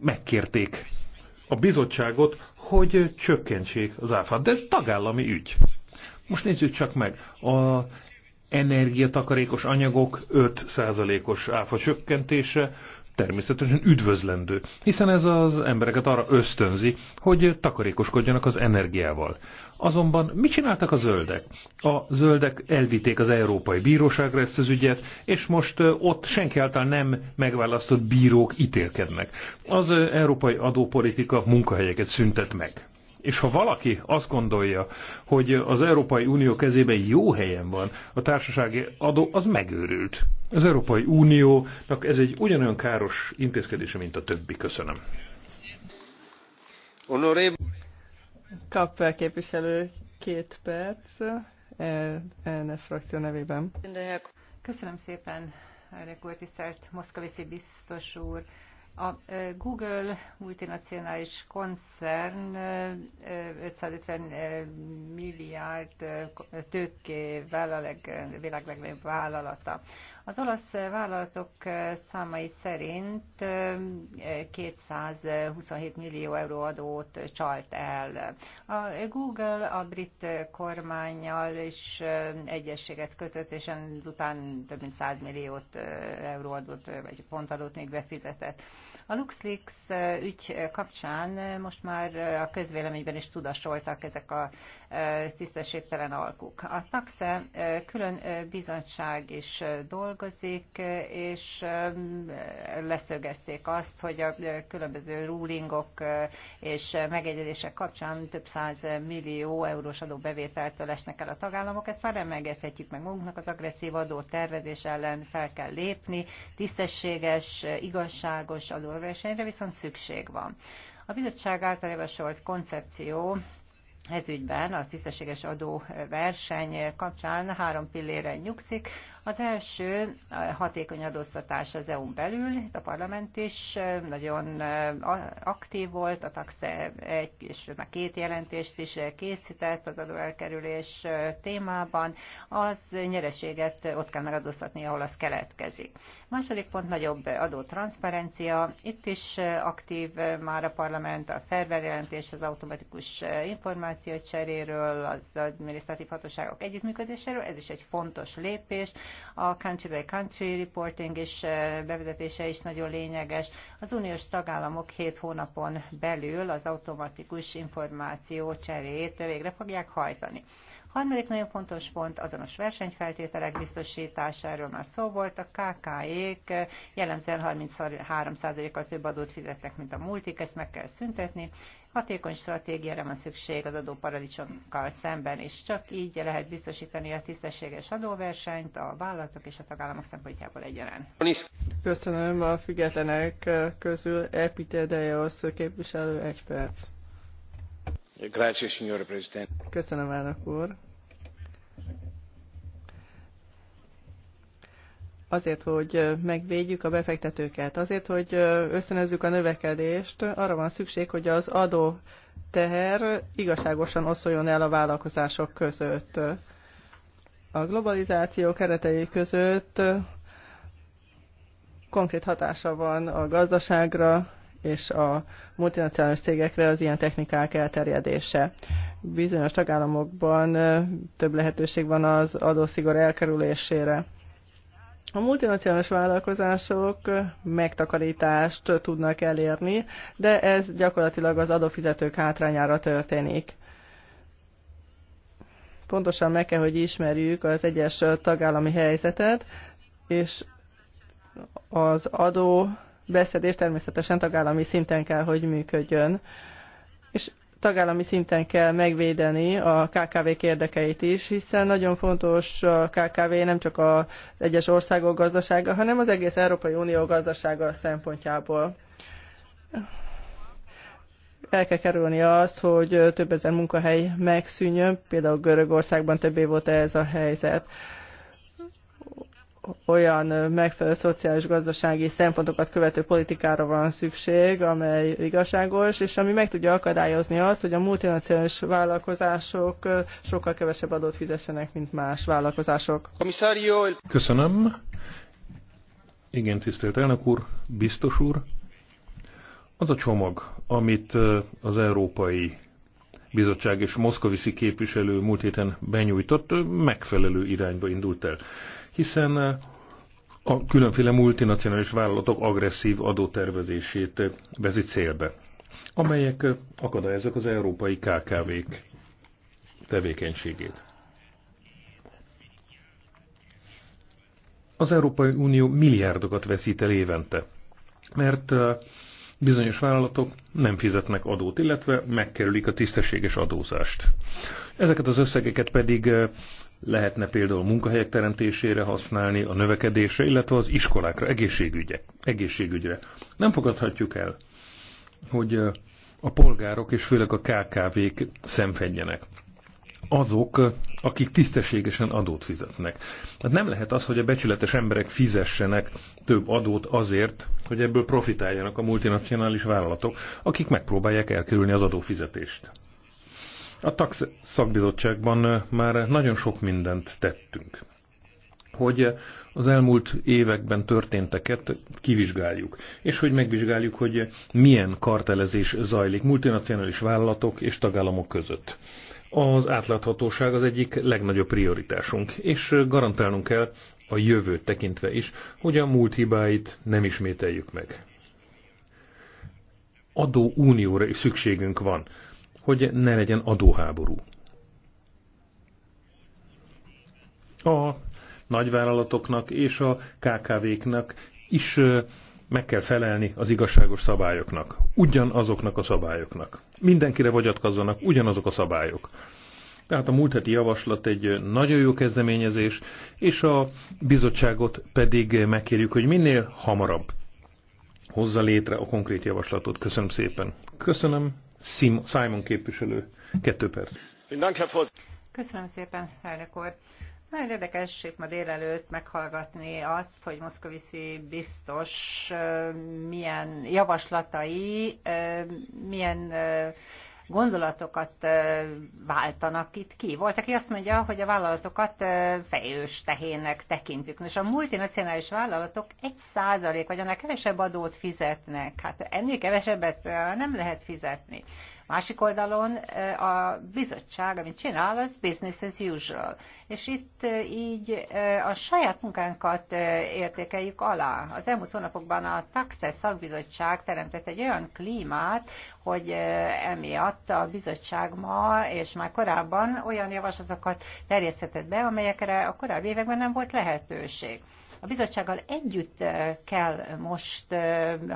megkérték a bizottságot, hogy csökkentsék az áfát, de ez tagállami ügy. Most nézzük csak meg, a energiatakarékos anyagok 5%-os áfa csökkentése természetesen üdvözlendő, hiszen ez az embereket arra ösztönzi, hogy takarékoskodjanak az energiával. Azonban mit csináltak a zöldek? A zöldek elvitték az Európai Bíróságra ezt az ügyet, és most ott senki által nem megválasztott bírók ítélkednek. Az európai adópolitika munkahelyeket szüntet meg. És ha valaki azt gondolja, hogy az Európai Unió kezében jó helyen van, a társasági adó az megőrült. Az Európai Uniónak ez egy ugyanolyan káros intézkedése, mint a többi. Köszönöm. Kap képviselő két perc, ELNE e frakció nevében. Köszönöm szépen, elnök úr, tisztelt Moszkvészi biztos úr. A Google multinacionális koncern 550 milliárd tőkével a leg, világ legnagyobb vállalata. Az olasz vállalatok számai szerint 227 millió euró adót csalt el. A Google a brit kormányjal is egyességet kötött, és ezután több mint 100 milliót euró adót, vagy pontadót még befizetett. A LuxLeaks ügy kapcsán most már a közvéleményben is tudasoltak ezek a tisztességtelen alkuk. A taxe külön bizottság is dolgozik, és leszögezték azt, hogy a különböző rulingok és megegyezések kapcsán több száz millió eurós adóbevételtől esnek el a tagállamok. Ezt már nem engedhetjük meg magunknak, az agresszív adó tervezés ellen fel kell lépni, tisztességes, igazságos adó versenyre, viszont szükség van. A bizottság által javasolt koncepció ezügyben a tisztességes adóverseny kapcsán három pillére nyugszik. Az első hatékony adóztatás az EU-n belül, a parlament is nagyon aktív volt, a taxe egy és már két jelentést is készített az adóelkerülés témában, az nyereséget ott kell megadóztatni, ahol az keletkezik. A második pont nagyobb adótranszparencia, itt is aktív már a parlament, a Ferber jelentés az automatikus információ cseréről, az adminisztratív hatóságok együttműködéséről, ez is egy fontos lépés, a country by country reporting is eh, bevezetése is nagyon lényeges. Az uniós tagállamok hét hónapon belül az automatikus információ cserét végre fogják hajtani. Harmadik nagyon fontos pont azonos versenyfeltételek biztosításáról már szó volt. A kke ék eh, jellemzően 33%-kal több adót fizetnek, mint a multik, ezt meg kell szüntetni, Hatékony stratégiára van szükség az adóparadicsomokkal szemben, és csak így lehet biztosítani a tisztességes adóversenyt a vállalatok és a tagállamok szempontjából egyaránt. Köszönöm a függetlenek közül a képviselő egy perc. Grazie, signore Presidente. Köszönöm, elnök úr. azért, hogy megvédjük a befektetőket, azért, hogy összenezzük a növekedést, arra van szükség, hogy az adó teher igazságosan oszoljon el a vállalkozások között. A globalizáció keretei között konkrét hatása van a gazdaságra és a multinacionális cégekre az ilyen technikák elterjedése. Bizonyos tagállamokban több lehetőség van az adószigor elkerülésére a multinacionális vállalkozások megtakarítást tudnak elérni, de ez gyakorlatilag az adófizetők hátrányára történik. Pontosan meg kell, hogy ismerjük az egyes tagállami helyzetet, és az adó beszedés természetesen tagállami szinten kell, hogy működjön. És tagállami szinten kell megvédeni a KKV-k érdekeit is, hiszen nagyon fontos a KKV nem csak az egyes országok gazdasága, hanem az egész Európai Unió gazdasága szempontjából. El kell kerülni azt, hogy több ezer munkahely megszűnjön, például Görögországban több év óta ez a helyzet olyan megfelelő szociális-gazdasági szempontokat követő politikára van szükség, amely igazságos, és ami meg tudja akadályozni azt, hogy a multinacionális vállalkozások sokkal kevesebb adót fizessenek, mint más vállalkozások. Köszönöm. Igen, tisztelt elnök úr, biztos úr. Az a csomag, amit az Európai Bizottság és Moszkviszi képviselő múlt héten benyújtott, megfelelő irányba indult el hiszen eh, a különféle multinacionális vállalatok agresszív adótervezését eh, vezi célbe, amelyek eh, akadályozzák az európai KKV-k tevékenységét. Az Európai Unió milliárdokat veszít el évente, mert bizonyos vállalatok nem fizetnek adót, illetve megkerülik a tisztességes adózást. Ezeket az összegeket pedig lehetne például munkahelyek teremtésére használni, a növekedésre, illetve az iskolákra, egészségügyre, egészségügyre. Nem fogadhatjuk el, hogy a polgárok és főleg a KKV-k szenvedjenek. Azok, akik tisztességesen adót fizetnek. Tehát nem lehet az, hogy a becsületes emberek fizessenek több adót azért, hogy ebből profitáljanak a multinacionális vállalatok, akik megpróbálják elkerülni az adófizetést. A TAX szakbizottságban már nagyon sok mindent tettünk, hogy az elmúlt években történteket kivizsgáljuk, és hogy megvizsgáljuk, hogy milyen kartelezés zajlik multinacionális vállalatok és tagállamok között. Az átláthatóság az egyik legnagyobb prioritásunk, és garantálnunk kell a jövőt tekintve is, hogy a múlt hibáit nem ismételjük meg. Adó unióra is szükségünk van hogy ne legyen adóháború. A nagyvállalatoknak és a KKV-knak is meg kell felelni az igazságos szabályoknak. Ugyanazoknak a szabályoknak. Mindenkire vagyatkozzanak ugyanazok a szabályok. Tehát a múlt heti javaslat egy nagyon jó kezdeményezés, és a bizottságot pedig megkérjük, hogy minél hamarabb hozza létre a konkrét javaslatot. Köszönöm szépen. Köszönöm. Simon képviselő. Kettő perc. Köszönöm szépen, elnök úr. Nagyon érdekes ma délelőtt meghallgatni azt, hogy Moszkoviszi biztos milyen javaslatai, milyen gondolatokat váltanak itt ki. Volt, aki azt mondja, hogy a vállalatokat fejős tehének tekintjük. És a multinacionális vállalatok százalék, vagy annál kevesebb adót fizetnek. Hát ennél kevesebbet nem lehet fizetni. Másik oldalon eh, a bizottság, amit csinál, az business as usual. És itt eh, így eh, a saját munkánkat értékeljük alá. Az elmúlt hónapokban a Taxes szakbizottság teremtett egy olyan klímát, hogy emiatt a bizottság ma és már korábban olyan javaslatokat terjeszthetett be, amelyekre a korábbi években nem volt lehetőség. A bizottsággal együtt kell most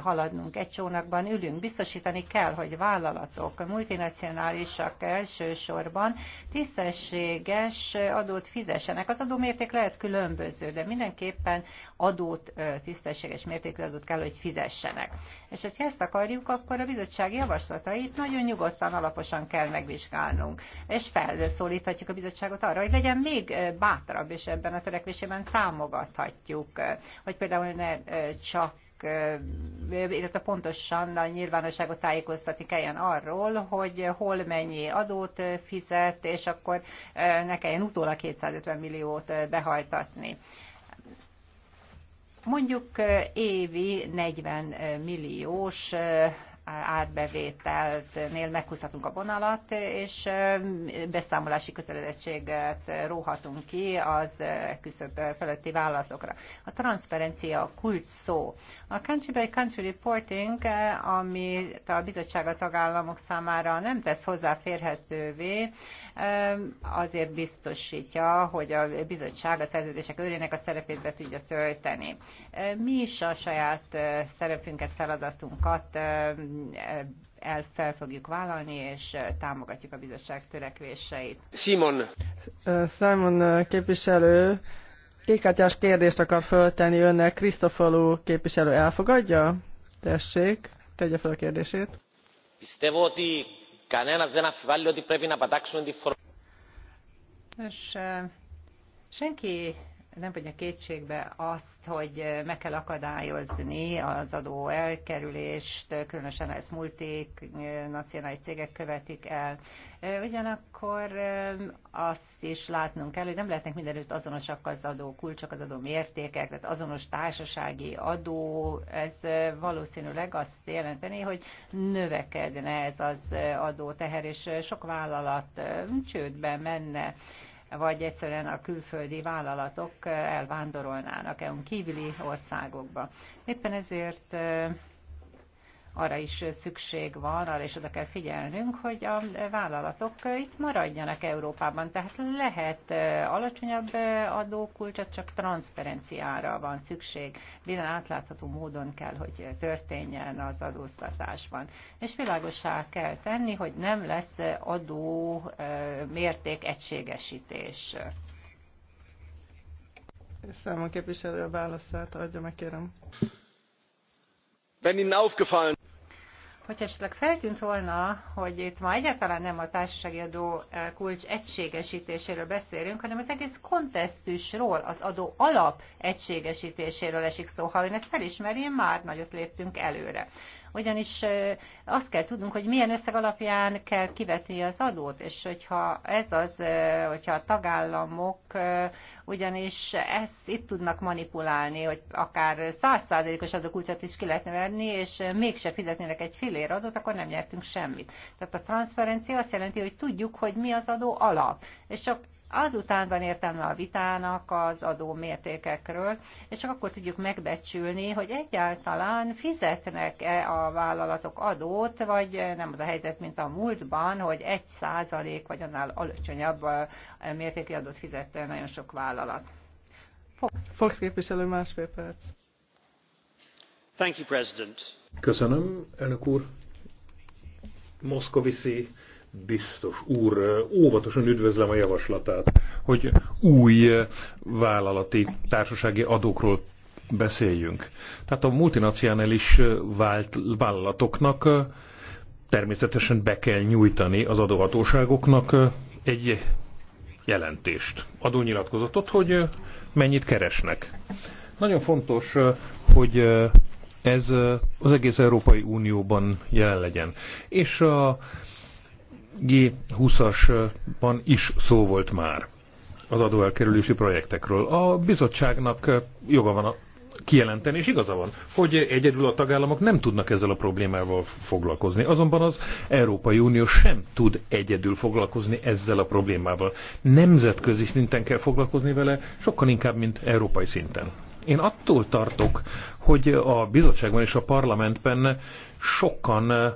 haladnunk, egy csónakban ülünk. Biztosítani kell, hogy vállalatok, multinacionálisak elsősorban tisztességes adót fizessenek. Az adómérték lehet különböző, de mindenképpen adót, tisztességes mértékű adót kell, hogy fizessenek. És hogyha ezt akarjuk, akkor a bizottság javaslatait nagyon nyugodtan, alaposan kell megvizsgálnunk. És felszólíthatjuk a bizottságot arra, hogy legyen még bátrabb, és ebben a törekvésében támogathatjuk mondjuk, hogy például ne csak illetve pontosan a nyilvánosságot tájékoztatni kelljen arról, hogy hol mennyi adót fizet, és akkor ne kelljen utólag 250 milliót behajtatni. Mondjuk évi 40 milliós árbevételtnél meghúzhatunk a vonalat, és beszámolási kötelezettséget róhatunk ki az küszöbb feletti vállalatokra. A transzparencia a kult szó. A country by country reporting, amit a bizottság a tagállamok számára nem tesz hozzáférhetővé, azért biztosítja, hogy a bizottság a szerződések őrének a szerepét be tudja tölteni. Mi is a saját szerepünket, feladatunkat el fel fogjuk vállalni, és támogatjuk a bizottság törekvéseit. Simon. Simon képviselő, kékátyás kérdést akar föltenni önnek. Krisztofalú képviselő elfogadja? Tessék, tegye fel a kérdését. Πιστεύω ότι κανένας δεν αμφιβάλλει ότι πρέπει να Senki nem vagy a kétségbe azt, hogy meg kell akadályozni az adó elkerülést, különösen ezt multinacionális cégek követik el. Ugyanakkor azt is látnunk kell, hogy nem lehetnek mindenütt azonosak az adó kulcsok, az adó mértékek, tehát azonos társasági adó, ez valószínűleg azt jelenteni, hogy növekedne ez az adóteher, és sok vállalat csődbe menne vagy egyszerűen a külföldi vállalatok elvándorolnának EU-n kívüli országokba. Éppen ezért arra is szükség van, arra is oda kell figyelnünk, hogy a vállalatok itt maradjanak Európában. Tehát lehet alacsonyabb adókulcsot, csak transzferenciára van szükség. Minden átlátható módon kell, hogy történjen az adóztatásban. És világosá kell tenni, hogy nem lesz adó mérték egységesítés. Számon képviselő a válaszát adja meg, kérem. Wenn Ihnen aufgefallen Hogyha esetleg feltűnt volna, hogy itt ma egyáltalán nem a társasági adó eh, kulcs egységesítéséről beszélünk, hanem az egész kontesztusról, az adó alap egységesítéséről esik szó. Ha ön ezt felismeri, már nagyot léptünk előre ugyanis azt kell tudnunk, hogy milyen összeg alapján kell kivetni az adót, és hogyha ez az, hogyha a tagállamok ugyanis ezt itt tudnak manipulálni, hogy akár százszázalékos adókulcsot is ki lehetne venni, és mégse fizetnének egy filér adót, akkor nem nyertünk semmit. Tehát a transzferencia azt jelenti, hogy tudjuk, hogy mi az adó alap, és csak Azután van értelme a vitának az adó mértékekről, és csak akkor tudjuk megbecsülni, hogy egyáltalán fizetnek-e a vállalatok adót, vagy nem az a helyzet, mint a múltban, hogy egy százalék vagy annál alacsonyabb mértékű adót fizett nagyon sok vállalat. Fox. Fox képviselő másfél perc. Thank you, President. Köszönöm, elnök úr. Moszkoviszi biztos úr, óvatosan üdvözlem a javaslatát, hogy új vállalati társasági adókról beszéljünk. Tehát a multinacionális vált vállalatoknak természetesen be kell nyújtani az adóhatóságoknak egy jelentést, adónyilatkozatot, hogy mennyit keresnek. Nagyon fontos, hogy ez az egész Európai Unióban jelen legyen. És a G20-asban is szó volt már az adóelkerülési projektekről. A bizottságnak joga van a kijelenteni, és igaza van, hogy egyedül a tagállamok nem tudnak ezzel a problémával foglalkozni. Azonban az Európai Unió sem tud egyedül foglalkozni ezzel a problémával. Nemzetközi szinten kell foglalkozni vele, sokkal inkább, mint európai szinten. Én attól tartok, hogy a bizottságban és a parlamentben sokan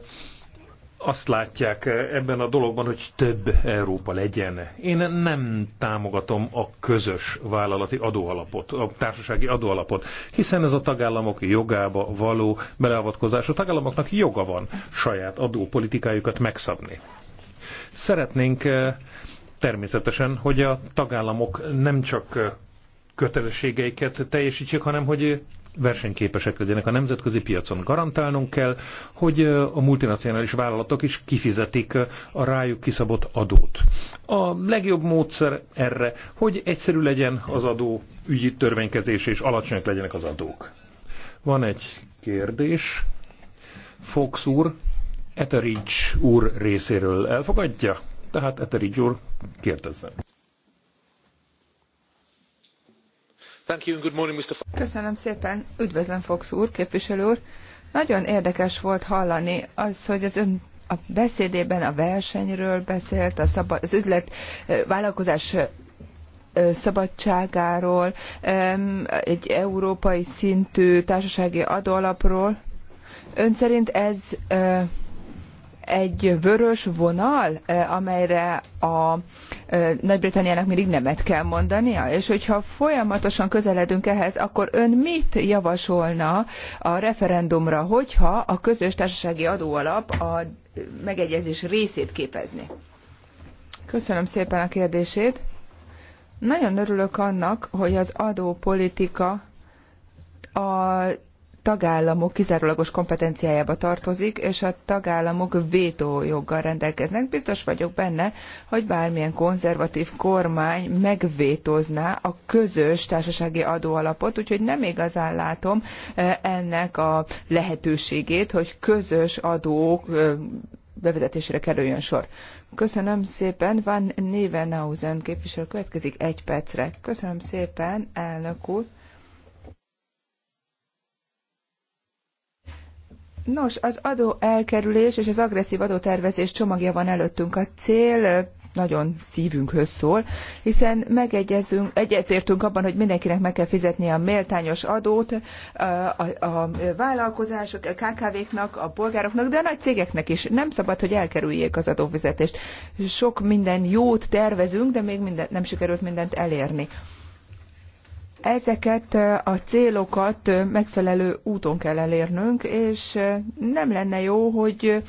azt látják eh, ebben a dologban, hogy több Európa legyen. Én nem támogatom a közös vállalati adóalapot, a társasági adóalapot, hiszen ez a tagállamok jogába való beleavatkozás. A tagállamoknak joga van saját adópolitikájukat megszabni. Szeretnénk eh, természetesen, hogy a tagállamok nem csak eh, kötelességeiket teljesítsék, hanem hogy versenyképesek legyenek a nemzetközi piacon. Garantálnunk kell, hogy a multinacionális vállalatok is kifizetik a rájuk kiszabott adót. A legjobb módszer erre, hogy egyszerű legyen az adó ügyi törvénykezés, és alacsonyak legyenek az adók. Van egy kérdés. Fox úr, Etheridge úr részéről elfogadja? Tehát Etheridge úr, kérdezzen. Köszönöm szépen. Üdvözlöm, Fox úr, képviselő úr. Nagyon érdekes volt hallani az, hogy az ön a beszédében a versenyről beszélt, a szabad, az üzlet vállalkozás szabadságáról, egy európai szintű társasági adóalapról. Ön szerint ez egy vörös vonal, amelyre a nagy-Britanniának mindig nemet kell mondania, és hogyha folyamatosan közeledünk ehhez, akkor ön mit javasolna a referendumra, hogyha a közös társasági adóalap a megegyezés részét képezni? Köszönöm szépen a kérdését. Nagyon örülök annak, hogy az adópolitika a tagállamok kizárólagos kompetenciájába tartozik, és a tagállamok vétójoggal rendelkeznek. Biztos vagyok benne, hogy bármilyen konzervatív kormány megvétózná a közös társasági adóalapot, úgyhogy nem igazán látom eh, ennek a lehetőségét, hogy közös adók eh, bevezetésére kerüljön sor. Köszönöm szépen, van Névenhausen képviselő következik egy percre. Köszönöm szépen, elnök úr. Nos, az adó elkerülés és az agresszív adótervezés csomagja van előttünk. A cél eh, nagyon szívünkhöz szól, hiszen megegyezünk, egyetértünk abban, hogy mindenkinek meg kell fizetni a méltányos adót a, eh, a, a vállalkozások, a KKV-knak, a polgároknak, de a nagy cégeknek is. Nem szabad, hogy elkerüljék az adófizetést. Sok minden jót tervezünk, de még minden, nem sikerült mindent elérni. Ezeket a célokat megfelelő úton kell elérnünk, és nem lenne jó, hogy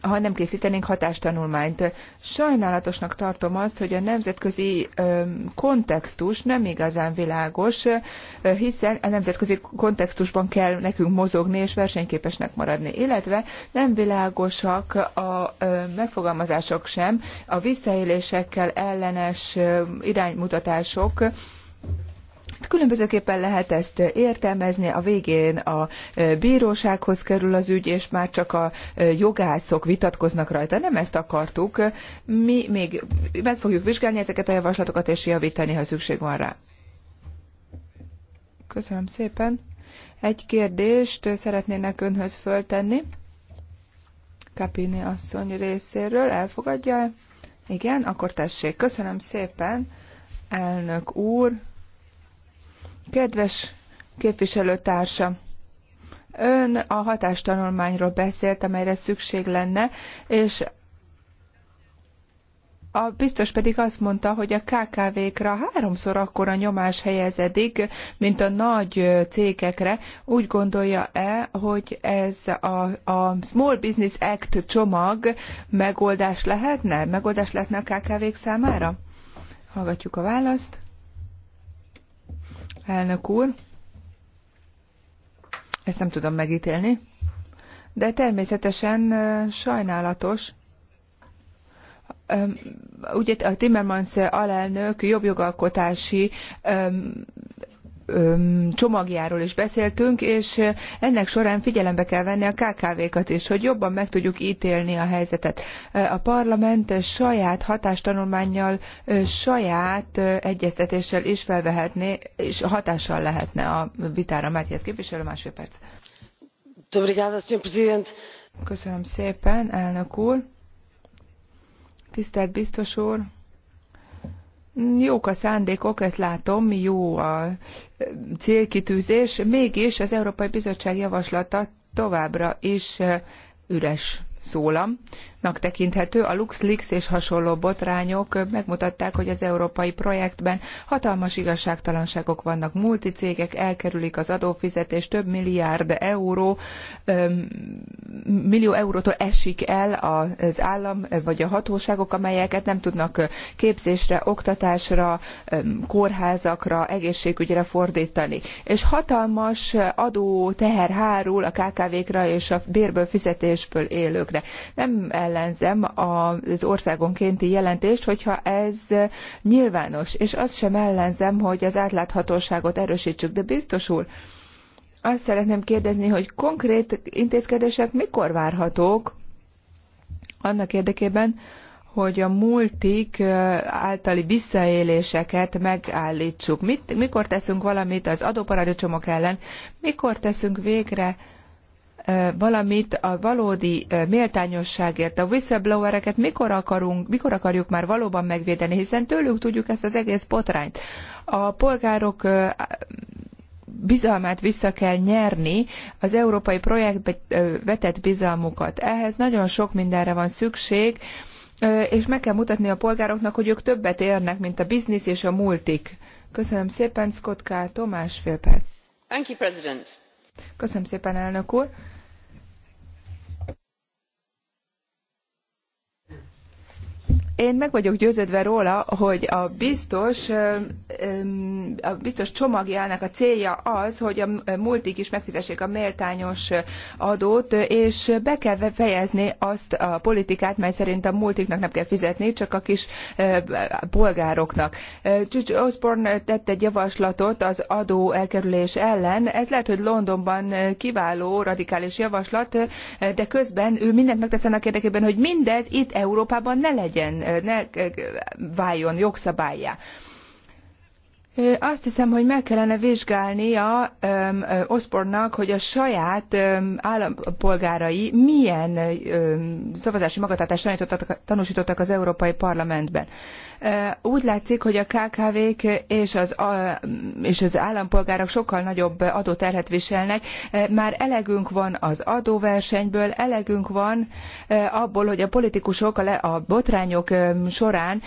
ha nem készítenénk hatástanulmányt. Sajnálatosnak tartom azt, hogy a nemzetközi kontextus nem igazán világos, hiszen a nemzetközi kontextusban kell nekünk mozogni és versenyképesnek maradni, illetve nem világosak a megfogalmazások sem, a visszaélésekkel ellenes iránymutatások, Hát különbözőképpen lehet ezt értelmezni, a végén a bírósághoz kerül az ügy, és már csak a jogászok vitatkoznak rajta. Nem ezt akartuk, mi még meg fogjuk vizsgálni ezeket a javaslatokat, és javítani, ha szükség van rá. Köszönöm szépen. Egy kérdést szeretnének önhöz föltenni. Kapini asszony részéről elfogadja? Igen, akkor tessék. Köszönöm szépen, elnök úr. Kedves képviselőtársa, Ön a hatástanulmányról beszélt, amelyre szükség lenne, és a biztos pedig azt mondta, hogy a KKV-kra háromszor akkora nyomás helyezedik, mint a nagy cégekre. Úgy gondolja-e, hogy ez a, a Small Business Act csomag megoldás lehetne? Megoldás lehetne a KKV-k számára? Hallgatjuk a választ elnök úr. Ezt nem tudom megítélni, de természetesen sajnálatos, ugye a Timmermans alelnök jobb jogalkotási csomagjáról is beszéltünk, és ennek során figyelembe kell venni a KKV-kat is, hogy jobban meg tudjuk ítélni a helyzetet. A parlament saját hatástanulmányjal, saját egyeztetéssel is felvehetné, és hatással lehetne a vitára. Mátyász képviselő, másfél perc. Köszönöm szépen, elnök úr. Tisztelt biztos úr! Jók a szándékok, ezt látom, jó a eh, célkitűzés, mégis az Európai Bizottság javaslata továbbra is eh, üres szólam. Nak tekinthető, a LuxLeaks és hasonló botrányok megmutatták, hogy az európai projektben hatalmas igazságtalanságok vannak. Multicégek elkerülik az adófizetést, több milliárd euró, millió eurótól esik el az állam vagy a hatóságok, amelyeket nem tudnak képzésre, oktatásra, kórházakra, egészségügyre fordítani. És hatalmas adó teher hárul a KKV-kra és a bérből fizetésből élőkre. Nem el ellenzem az országonkénti jelentést, hogyha ez nyilvános, és azt sem ellenzem, hogy az átláthatóságot erősítsük, de biztos úr, azt szeretném kérdezni, hogy konkrét intézkedések mikor várhatók annak érdekében, hogy a multik általi visszaéléseket megállítsuk. Mit, mikor teszünk valamit az adóparadicsomok ellen, mikor teszünk végre valamit a valódi méltányosságért, a whistleblowereket mikor, akarunk, mikor akarjuk már valóban megvédeni, hiszen tőlük tudjuk ezt az egész botrányt. A polgárok bizalmát vissza kell nyerni, az európai projektbe vetett bizalmukat. Ehhez nagyon sok mindenre van szükség, és meg kell mutatni a polgároknak, hogy ők többet érnek, mint a biznisz és a multik. Köszönöm szépen, Scott K. Tomás Félperc. Köszönöm szépen, elnök úr. Én meg vagyok győződve róla, hogy a biztos, a biztos csomagjának a célja az, hogy a multik is megfizessék a méltányos adót, és be kell fejezni azt a politikát, mely szerint a multiknak nem kell fizetni, csak a kis polgároknak. Csücs Osborne tett egy javaslatot az adó elkerülés ellen. Ez lehet, hogy Londonban kiváló, radikális javaslat, de közben ő mindent megtesz annak érdekében, hogy mindez itt Európában ne legyen ne váljon jogszabályá. Azt hiszem, hogy meg kellene vizsgálni a Oszpornak, hogy a saját állampolgárai milyen szavazási magatartást tanúsítottak az Európai Parlamentben. Úgy látszik, hogy a KKV-k és az, a, és az állampolgárok sokkal nagyobb adóterhet viselnek. Már elegünk van az adóversenyből, elegünk van abból, hogy a politikusok a botrányok során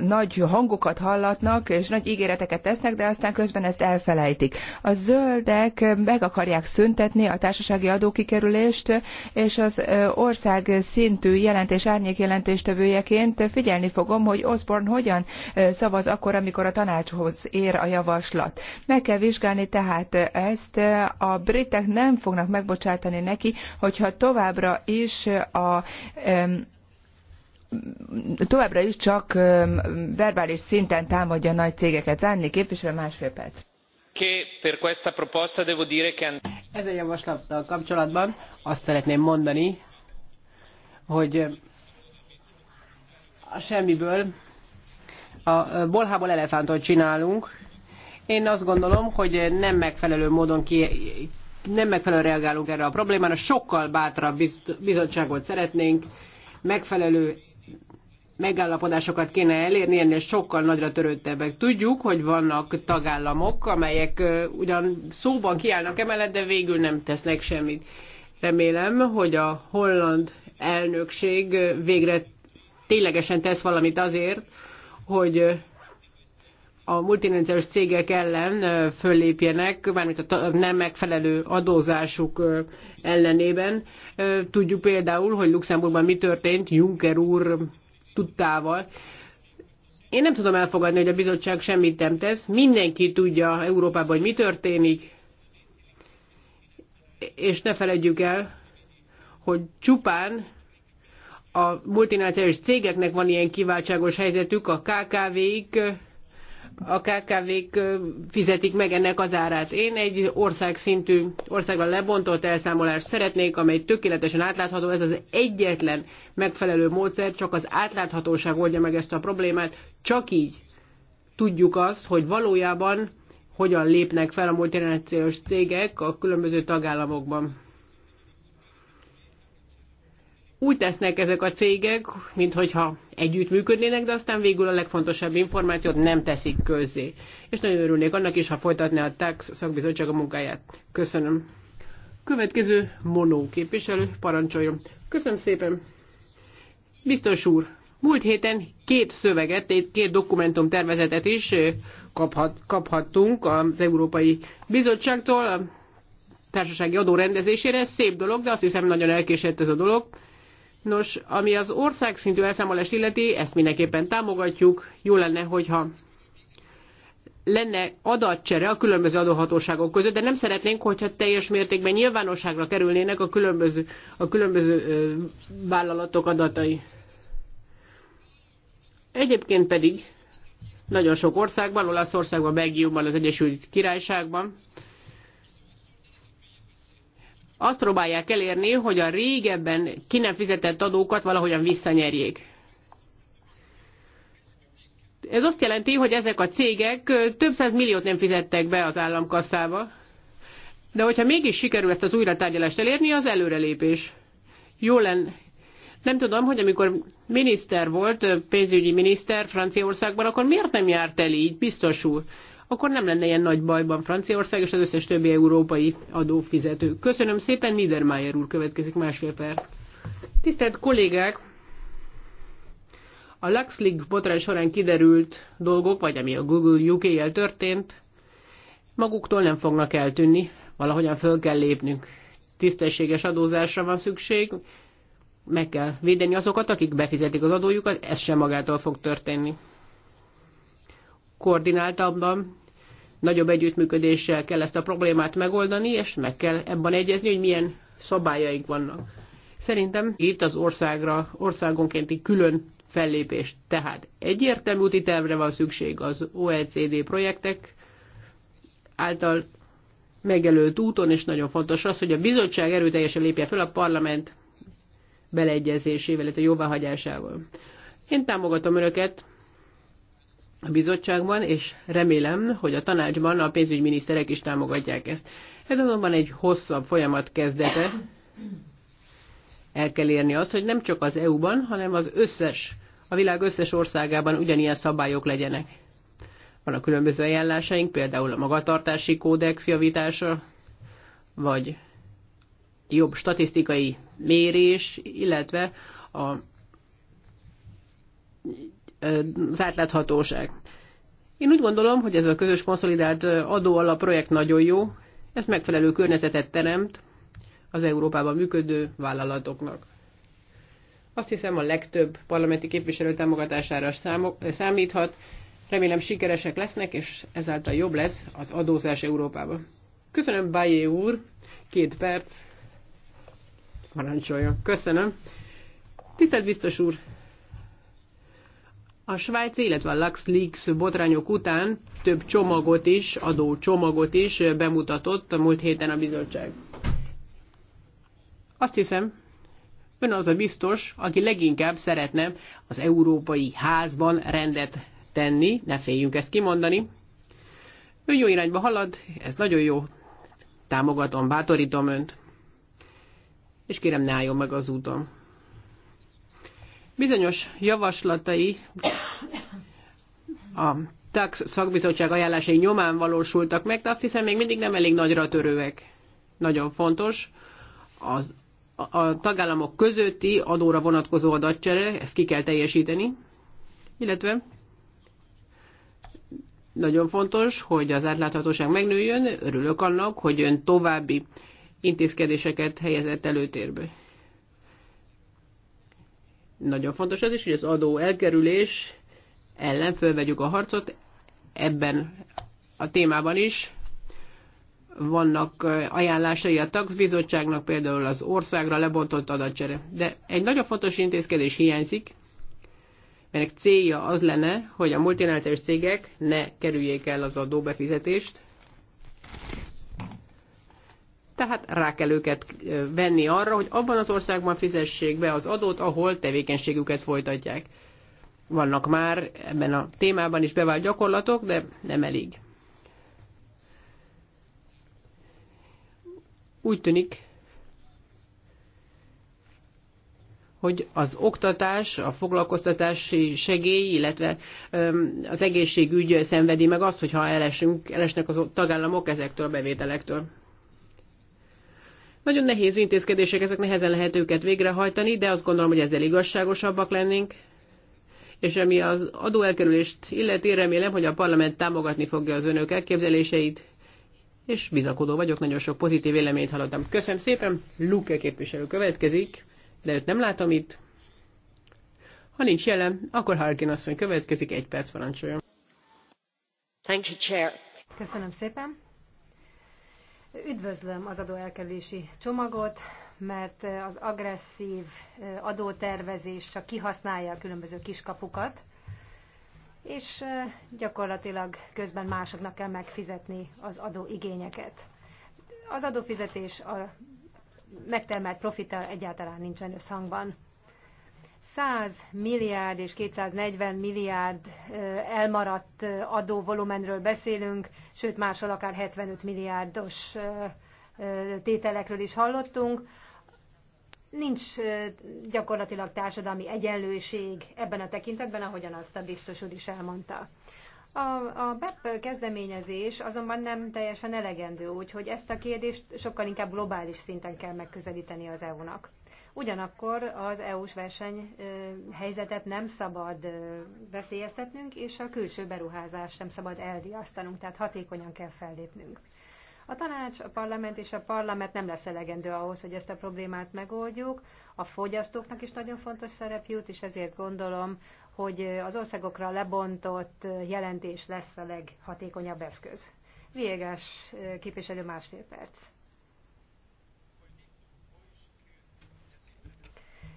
nagy hangokat hallatnak, és nagy ígéreteket tesznek, de aztán közben ezt elfelejtik. A zöldek meg akarják szüntetni a társasági adókikerülést, és az ország szintű jelentés, árnyékjelentéstevőjeként figyelni fogom, hogy Osborne soron hogyan szavaz akkor, amikor a tanácshoz ér a javaslat. Meg kell vizsgálni tehát ezt. A britek nem fognak megbocsátani neki, hogyha továbbra is a továbbra is csak verbális szinten támadja a nagy cégeket. Zárni képviselő másfél perc. a javaslattal kapcsolatban azt szeretném mondani, hogy a semmiből a bolhából elefántot csinálunk. Én azt gondolom, hogy nem megfelelő módon ki, nem megfelelően reagálunk erre a problémára, sokkal bátrabb bizottságot szeretnénk, megfelelő megállapodásokat kéne elérni, ennél sokkal nagyra törődtebbek. Tudjuk, hogy vannak tagállamok, amelyek ugyan szóban kiállnak emellett, de végül nem tesznek semmit. Remélem, hogy a holland elnökség végre ténylegesen tesz valamit azért, hogy a multinacionális cégek ellen föllépjenek, mármint a nem megfelelő adózásuk ellenében. Tudjuk például, hogy Luxemburgban mi történt Juncker úr tudtával. Én nem tudom elfogadni, hogy a bizottság semmit nem tesz. Mindenki tudja Európában, hogy mi történik. És ne feledjük el, hogy csupán a multinacionális cégeknek van ilyen kiváltságos helyzetük, a KKV-k a KKV-k fizetik meg ennek az árát. Én egy országszintű, országra lebontott elszámolást szeretnék, amely tökéletesen átlátható. Ez az egyetlen megfelelő módszer, csak az átláthatóság oldja meg ezt a problémát. Csak így tudjuk azt, hogy valójában hogyan lépnek fel a multinációs cégek a különböző tagállamokban úgy tesznek ezek a cégek, mintha együttműködnének, de aztán végül a legfontosabb információt nem teszik közzé. És nagyon örülnék annak is, ha folytatná a TAX szakbizottság a munkáját. Köszönöm. Következő Monó képviselő, parancsoljon. Köszönöm szépen. Biztos úr, múlt héten két szöveget, két dokumentum tervezetet is kaphat, kaphattunk az Európai Bizottságtól, a társasági adó rendezésére. szép dolog, de azt hiszem nagyon elkésett ez a dolog. Nos, ami az országszintű elszámolást illeti, ezt mindenképpen támogatjuk. Jó lenne, hogyha lenne adatcsere a különböző adóhatóságok között, de nem szeretnénk, hogyha teljes mértékben nyilvánosságra kerülnének a különböző, a különböző ö, vállalatok adatai. Egyébként pedig nagyon sok országban, Olaszországban, Belgiumban, az Egyesült Királyságban azt próbálják elérni, hogy a régebben ki nem fizetett adókat valahogyan visszanyerjék. Ez azt jelenti, hogy ezek a cégek több száz milliót nem fizettek be az államkasszába, de hogyha mégis sikerül ezt az újratárgyalást elérni, az előrelépés. Jó lenne. Nem tudom, hogy amikor miniszter volt, pénzügyi miniszter Franciaországban, akkor miért nem járt el így, biztosul? akkor nem lenne ilyen nagy bajban Franciaország és az összes többi európai adófizető. Köszönöm szépen, Niedermayer úr következik másfél perc. Tisztelt kollégák! A LuxLeaks botrány során kiderült dolgok, vagy ami a Google UK-jel történt, maguktól nem fognak eltűnni, valahogyan föl kell lépnünk. Tisztességes adózásra van szükség, meg kell védeni azokat, akik befizetik az adójukat, ez sem magától fog történni. Koordináltabban Nagyobb együttműködéssel kell ezt a problémát megoldani, és meg kell ebben egyezni, hogy milyen szabályaik vannak. Szerintem itt az országra, országonkénti külön fellépés. Tehát egyértelmű úti tervre van szükség az OECD projektek által megelőtt úton, és nagyon fontos az, hogy a bizottság erőteljesen lépje fel a parlament beleegyezésével, illetve jóváhagyásával. Én támogatom Önöket a bizottságban, és remélem, hogy a tanácsban a pénzügyminiszterek is támogatják ezt. Ez azonban egy hosszabb folyamat kezdete. El kell érni azt, hogy nem csak az EU-ban, hanem az összes, a világ összes országában ugyanilyen szabályok legyenek. Van a különböző ajánlásaink, például a magatartási kódex javítása, vagy jobb statisztikai mérés, illetve a az átláthatóság. Én úgy gondolom, hogy ez a közös konszolidált adóalap projekt nagyon jó, ez megfelelő környezetet teremt az Európában működő vállalatoknak. Azt hiszem a legtöbb parlamenti képviselő támogatására számíthat, remélem sikeresek lesznek, és ezáltal jobb lesz az adózás Európában. Köszönöm, Bájé úr, két perc, parancsoljon. Köszönöm. Tisztelt biztos úr, a svájci, illetve a LuxLeaks botrányok után több csomagot is, adó csomagot is bemutatott a múlt héten a bizottság. Azt hiszem, ön az a biztos, aki leginkább szeretne az európai házban rendet tenni, ne féljünk ezt kimondani. Ön jó irányba halad, ez nagyon jó. Támogatom, bátorítom önt. És kérem, ne álljon meg az úton. Bizonyos javaslatai a TAX szakbizottság ajánlásai nyomán valósultak meg, de azt hiszem még mindig nem elég nagyra törőek. Nagyon fontos az a tagállamok közötti adóra vonatkozó adatcsere, ezt ki kell teljesíteni, illetve nagyon fontos, hogy az átláthatóság megnőjön, örülök annak, hogy ön további intézkedéseket helyezett előtérbe. Nagyon fontos az is, hogy az adó elkerülés ellen fölvegyük a harcot. Ebben a témában is vannak ajánlásai a taxbizottságnak, például az országra lebontott adatcsere. De egy nagyon fontos intézkedés hiányzik, melynek célja az lenne, hogy a multinációs cégek ne kerüljék el az adóbefizetést, tehát rá kell őket venni arra, hogy abban az országban fizessék be az adót, ahol tevékenységüket folytatják. Vannak már ebben a témában is bevált gyakorlatok, de nem elég. Úgy tűnik, hogy az oktatás, a foglalkoztatási segély, illetve az egészségügy szenvedi meg azt, hogyha elesünk, elesnek az tagállamok ezektől a bevételektől. Nagyon nehéz intézkedések, ezek nehezen lehet őket végrehajtani, de azt gondolom, hogy ezzel igazságosabbak lennénk. És ami az adóelkerülést illeti, remélem, hogy a parlament támogatni fogja az önök elképzeléseit, és bizakodó vagyok, nagyon sok pozitív véleményt hallottam. Köszönöm szépen, Luke képviselő következik, de őt nem látom itt. Ha nincs jelen, akkor Harkin asszony következik, egy perc parancsoljon. Thank you, Chair. Köszönöm szépen. Üdvözlöm az adóelkerülési csomagot, mert az agresszív adótervezés csak kihasználja a különböző kiskapukat, és gyakorlatilag közben másoknak kell megfizetni az adóigényeket. Az adófizetés a megtermelt profittel egyáltalán nincsen összhangban. 100 milliárd és 240 milliárd elmaradt adóvolumenről beszélünk, sőt máshol akár 75 milliárdos tételekről is hallottunk. Nincs gyakorlatilag társadalmi egyenlőség ebben a tekintetben, ahogyan azt a biztos úr is elmondta. A, a BEP kezdeményezés azonban nem teljesen elegendő, úgyhogy ezt a kérdést sokkal inkább globális szinten kell megközelíteni az EU-nak. Ugyanakkor az EU-s versenyhelyzetet nem szabad veszélyeztetnünk, és a külső beruházást nem szabad eldiasztanunk, tehát hatékonyan kell fellépnünk. A tanács, a parlament és a parlament nem lesz elegendő ahhoz, hogy ezt a problémát megoldjuk. A fogyasztóknak is nagyon fontos szerep jut, és ezért gondolom, hogy az országokra lebontott jelentés lesz a leghatékonyabb eszköz. Végás képviselő másfél perc.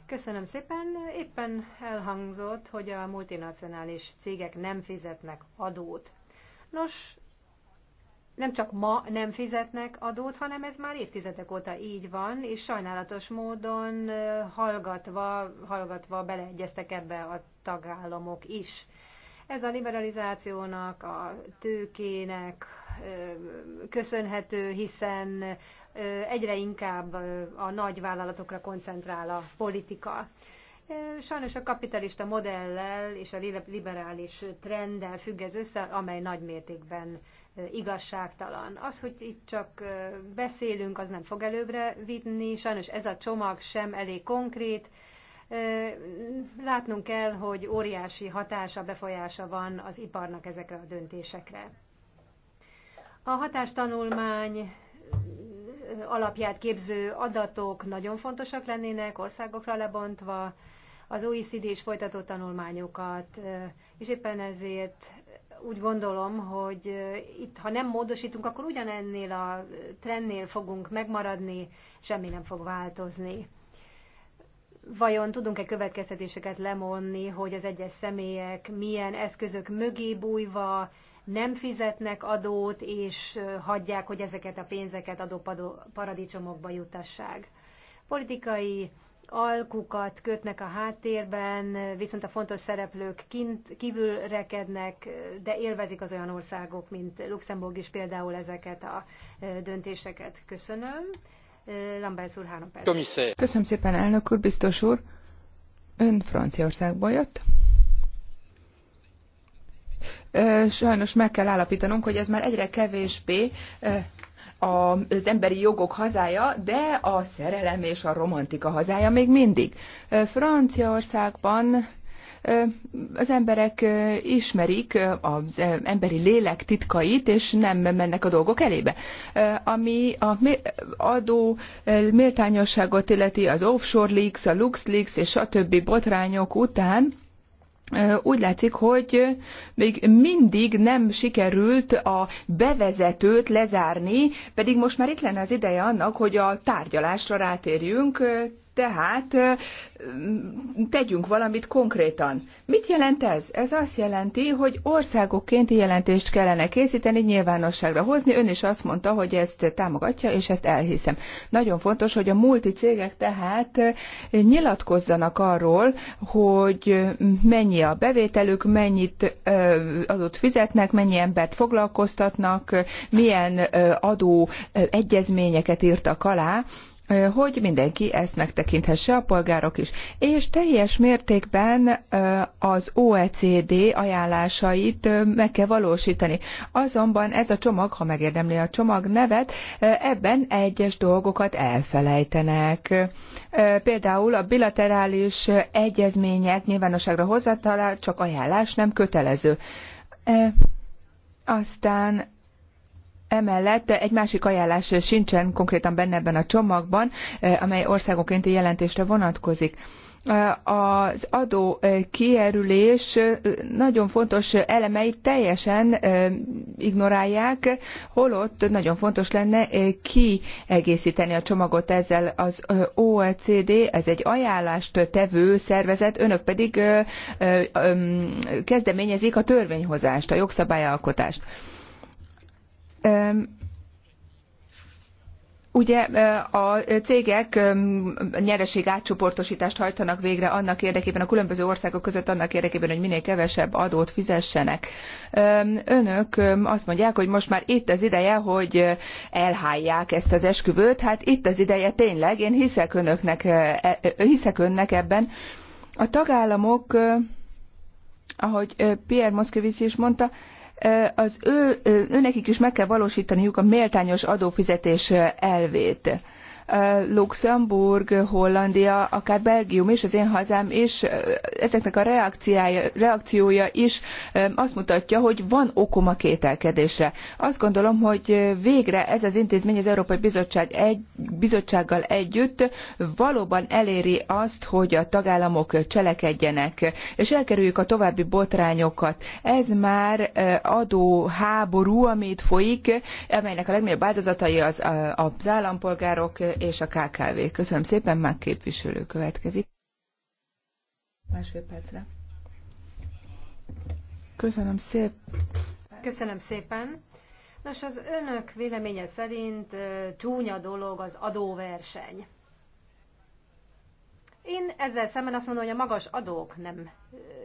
Köszönöm szépen. Éppen elhangzott, hogy a multinacionális cégek nem fizetnek adót. Nos, nem csak ma nem fizetnek adót, hanem ez már évtizedek óta így van, és sajnálatos módon hallgatva, hallgatva beleegyeztek ebbe a tagállamok is. Ez a liberalizációnak, a tőkének köszönhető, hiszen egyre inkább a nagy vállalatokra koncentrál a politika. Sajnos a kapitalista modellel és a liberális trenddel függ ez össze, amely nagy mértékben igazságtalan. Az, hogy itt csak beszélünk, az nem fog előbbre vinni, sajnos ez a csomag sem elég konkrét. Látnunk kell, hogy óriási hatása, befolyása van az iparnak ezekre a döntésekre. A hatástanulmány alapját képző adatok nagyon fontosak lennének, országokra lebontva, az OECD is folytató tanulmányokat, és éppen ezért úgy gondolom, hogy itt, ha nem módosítunk, akkor ugyanennél a trendnél fogunk megmaradni, semmi nem fog változni. Vajon tudunk-e következtetéseket lemonni, hogy az egyes személyek milyen eszközök mögé bújva nem fizetnek adót, és hagyják, hogy ezeket a pénzeket adó paradicsomokba jutassák. Politikai alkukat kötnek a háttérben, viszont a fontos szereplők kint, kívül rekednek, de élvezik az olyan országok, mint Luxemburg is például ezeket a döntéseket. Köszönöm. Lambert úr, három perc. Köszönöm szépen, elnök úr, biztos úr. Ön Franciaországból jött? sajnos meg kell állapítanunk, hogy ez már egyre kevésbé az emberi jogok hazája, de a szerelem és a romantika hazája még mindig. Franciaországban az emberek ismerik az emberi lélek titkait, és nem mennek a dolgok elébe. Ami a adó méltányosságot illeti az offshore leaks, a leaks és a többi botrányok után, úgy látszik, hogy még mindig nem sikerült a bevezetőt lezárni, pedig most már itt lenne az ideje annak, hogy a tárgyalásra rátérjünk, tehát tegyünk valamit konkrétan. Mit jelent ez? Ez azt jelenti, hogy országokkénti jelentést kellene készíteni, nyilvánosságra hozni. Ön is azt mondta, hogy ezt támogatja, és ezt elhiszem. Nagyon fontos, hogy a multi cégek tehát nyilatkozzanak arról, hogy mennyi a bevételük, mennyit adott fizetnek, mennyi embert foglalkoztatnak, milyen adó egyezményeket írtak alá, hogy mindenki ezt megtekinthesse, a polgárok is. És teljes mértékben az OECD ajánlásait meg kell valósítani. Azonban ez a csomag, ha megérdemli a csomag nevet, ebben egyes dolgokat elfelejtenek. Például a bilaterális egyezmények nyilvánosságra hozatala csak ajánlás, nem kötelező. Aztán Emellett egy másik ajánlás sincsen konkrétan benne ebben a csomagban, eh, amely országonkénti jelentésre vonatkozik eh, az adó eh, kierülés nagyon fontos elemeit teljesen ignorálják, holott nagyon fontos lenne kiegészíteni a csomagot ezzel az OECD, ez egy ajánlást tevő szervezet, önök pedig kezdeményezik a törvényhozást, a jogszabályalkotást. Ugye a cégek nyereség átcsoportosítást hajtanak végre annak érdekében, a különböző országok között annak érdekében, hogy minél kevesebb adót fizessenek. Önök azt mondják, hogy most már itt az ideje, hogy elhálják ezt az esküvőt. Hát itt az ideje tényleg, én hiszek, önöknek, e, hiszek önnek ebben. A tagállamok, ahogy Pierre Moscovici is mondta, az ő, őnekik is meg kell valósítaniuk a méltányos adófizetés elvét. Luxemburg, Hollandia, akár Belgium és az én hazám is, ezeknek a reakciója is azt mutatja, hogy van okom a kételkedésre. Azt gondolom, hogy végre ez az intézmény az Európai Bizottság egy, Bizottsággal együtt valóban eléri azt, hogy a tagállamok cselekedjenek, és elkerüljük a további botrányokat. Ez már adó háború, amit folyik, amelynek a legnagyobb áldozatai az, az állampolgárok és a KKV. Köszönöm szépen, már képviselő következik. Másfél percre. Köszönöm szépen. Köszönöm szépen. Nos, az önök véleménye szerint csúnya dolog az adóverseny. Én ezzel szemben azt mondom, hogy a magas adók nem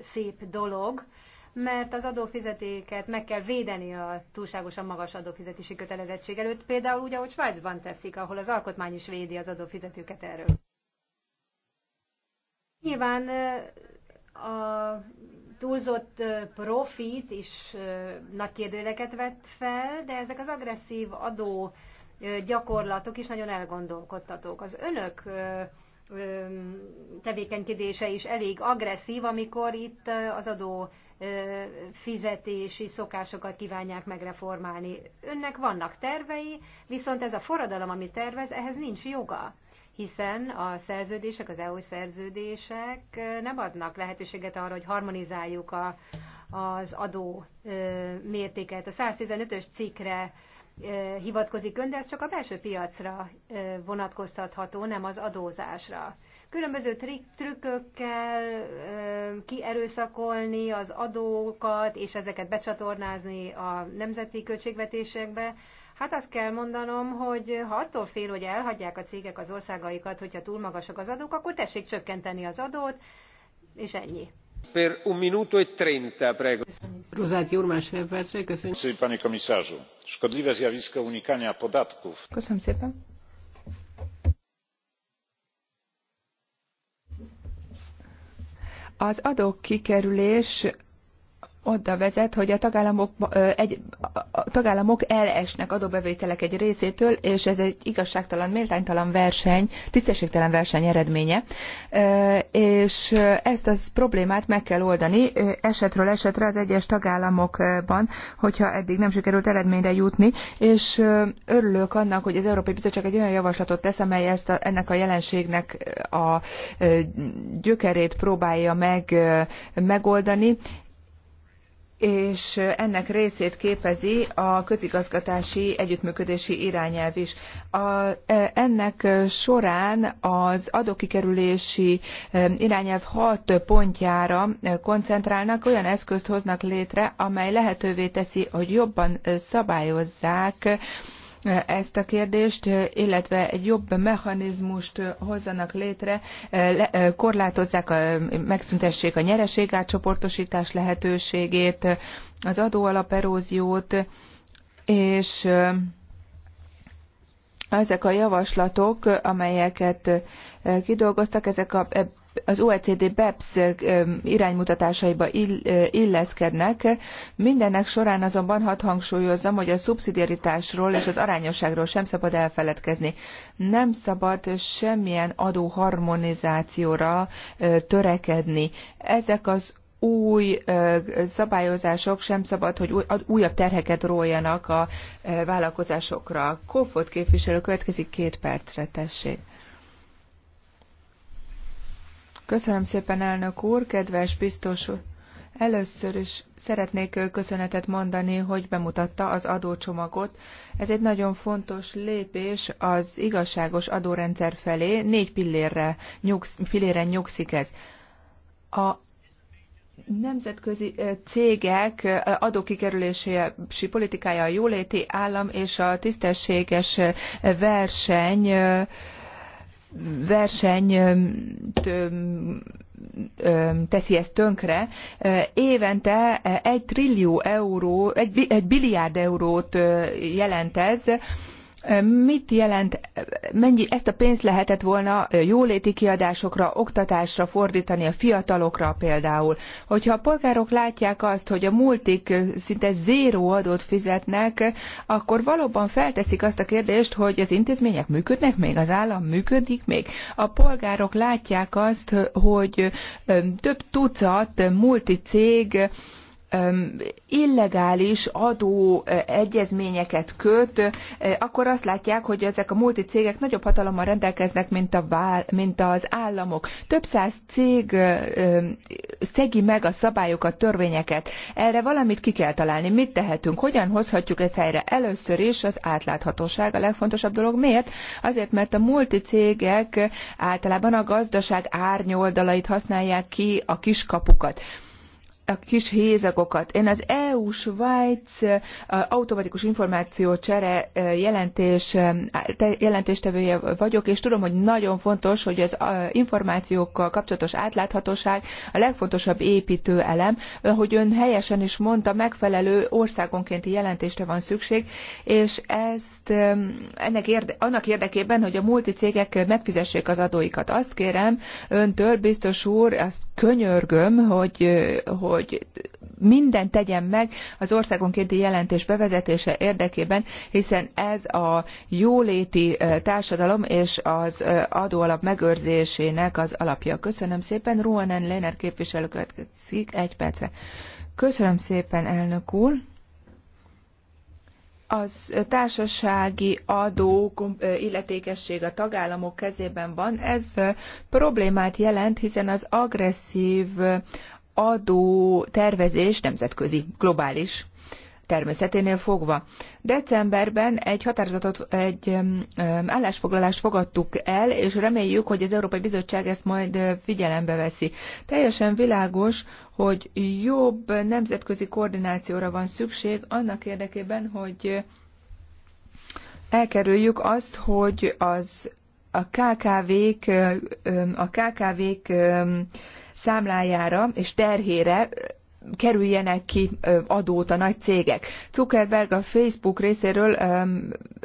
szép dolog, mert az adófizetéket meg kell védeni a túlságosan magas adófizetési kötelezettség előtt, például úgy, ahogy Svájcban teszik, ahol az alkotmány is védi az adófizetőket erről. Nyilván a túlzott profit is nagy kérdőleket vett fel, de ezek az agresszív adó gyakorlatok is nagyon elgondolkodtatók. Az önök tevékenykedése is elég agresszív, amikor itt az adó fizetési szokásokat kívánják megreformálni. Önnek vannak tervei, viszont ez a forradalom, amit tervez, ehhez nincs joga hiszen a szerződések, az EU szerződések nem adnak lehetőséget arra, hogy harmonizáljuk a, az adó mértéket. A 115-ös cikkre hivatkozik ön, de ez csak a belső piacra vonatkoztatható, nem az adózásra. Különböző trik, trükkökkel kierőszakolni az adókat, és ezeket becsatornázni a nemzeti költségvetésekbe, Hát azt kell mondanom, hogy ha attól fél, hogy elhagyják a cégek az országaikat, hogyha túl magasak az adók, akkor tessék csökkenteni az adót, és ennyi köszönöm. Köszönöm, panie komisarzu. Szkodliwe zjawisko unikania podatków. Köszönöm szépen. Az adókikerülés oda vezet, hogy a tagállamok, egy, a tagállamok elesnek adóbevételek egy részétől, és ez egy igazságtalan, méltánytalan verseny, tisztességtelen verseny eredménye, és ezt az problémát meg kell oldani esetről esetre az egyes tagállamokban, hogyha eddig nem sikerült eredményre jutni, és örülök annak, hogy az Európai Bizottság egy olyan javaslatot tesz, amely ezt a, ennek a jelenségnek a gyökerét próbálja meg megoldani, és ennek részét képezi a közigazgatási együttműködési irányelv is. A, e, ennek során az adókikerülési e, irányelv hat pontjára e, koncentrálnak, olyan eszközt hoznak létre, amely lehetővé teszi, hogy jobban szabályozzák ezt a kérdést, illetve egy jobb mechanizmust hozzanak létre, korlátozzák, a, megszüntessék a nyereségátcsoportosítás lehetőségét, az adóalaperóziót, és ezek a javaslatok, amelyeket kidolgoztak, ezek a az OECD BEPS iránymutatásaiba illeszkednek. Mindennek során azonban hadd hangsúlyozzam, hogy a szubszidiaritásról és az arányosságról sem szabad elfeledkezni. Nem szabad semmilyen adóharmonizációra törekedni. Ezek az új szabályozások sem szabad, hogy újabb terheket róljanak a vállalkozásokra. Kofot képviselő következik két percre, tessék. Köszönöm szépen, elnök úr, kedves biztos úr. Először is szeretnék köszönetet mondani, hogy bemutatta az adócsomagot. Ez egy nagyon fontos lépés az igazságos adórendszer felé. Négy pillérre, nyugsz, pillérre nyugszik ez. A nemzetközi cégek adókikerülési politikája a jóléti állam és a tisztességes verseny verseny teszi ezt tönkre. Évente egy trillió euró, egy, egy biliárd eurót jelent ez, mit jelent, mennyi ezt a pénzt lehetett volna jóléti kiadásokra, oktatásra fordítani a fiatalokra például. Hogyha a polgárok látják azt, hogy a múltik szinte zéró adót fizetnek, akkor valóban felteszik azt a kérdést, hogy az intézmények működnek még, az állam működik még. A polgárok látják azt, hogy több tucat multicég cég illegális adó egyezményeket köt, akkor azt látják, hogy ezek a multi cégek nagyobb hatalommal rendelkeznek, mint, a vál, mint az államok. Több száz cég szegi meg a szabályokat, törvényeket. Erre valamit ki kell találni. Mit tehetünk? Hogyan hozhatjuk ezt helyre? Először is az átláthatóság a legfontosabb dolog. Miért? Azért, mert a multi cégek általában a gazdaság árnyoldalait használják ki, a kiskapukat a kis hézagokat. Én az EU-Svájc automatikus információ csere jelentés, jelentéstevője vagyok, és tudom, hogy nagyon fontos, hogy az információkkal kapcsolatos átláthatóság a legfontosabb építő elem, hogy ön helyesen is mondta, megfelelő országonkénti jelentésre van szükség, és ezt ennek érde, annak érdekében, hogy a multicégek megfizessék az adóikat. Azt kérem öntől, biztos úr, azt könyörgöm, hogy, hogy hogy minden tegyen meg az országonkénti jelentés bevezetése érdekében, hiszen ez a jóléti társadalom és az adóalap megőrzésének az alapja. Köszönöm szépen. Ruanen Léner képviselő következik egy percre. Köszönöm szépen, elnök úr az társasági adó illetékesség a tagállamok kezében van, ez problémát jelent, hiszen az agresszív adó tervezés nemzetközi, globális természeténél fogva. Decemberben egy határozatot, egy állásfoglalást fogadtuk el, és reméljük, hogy az Európai Bizottság ezt majd figyelembe veszi. Teljesen világos, hogy jobb nemzetközi koordinációra van szükség annak érdekében, hogy elkerüljük azt, hogy az a KKV-k, a KKV-k számlájára és terhére kerüljenek ki adót a nagy cégek. Zuckerberg a Facebook részéről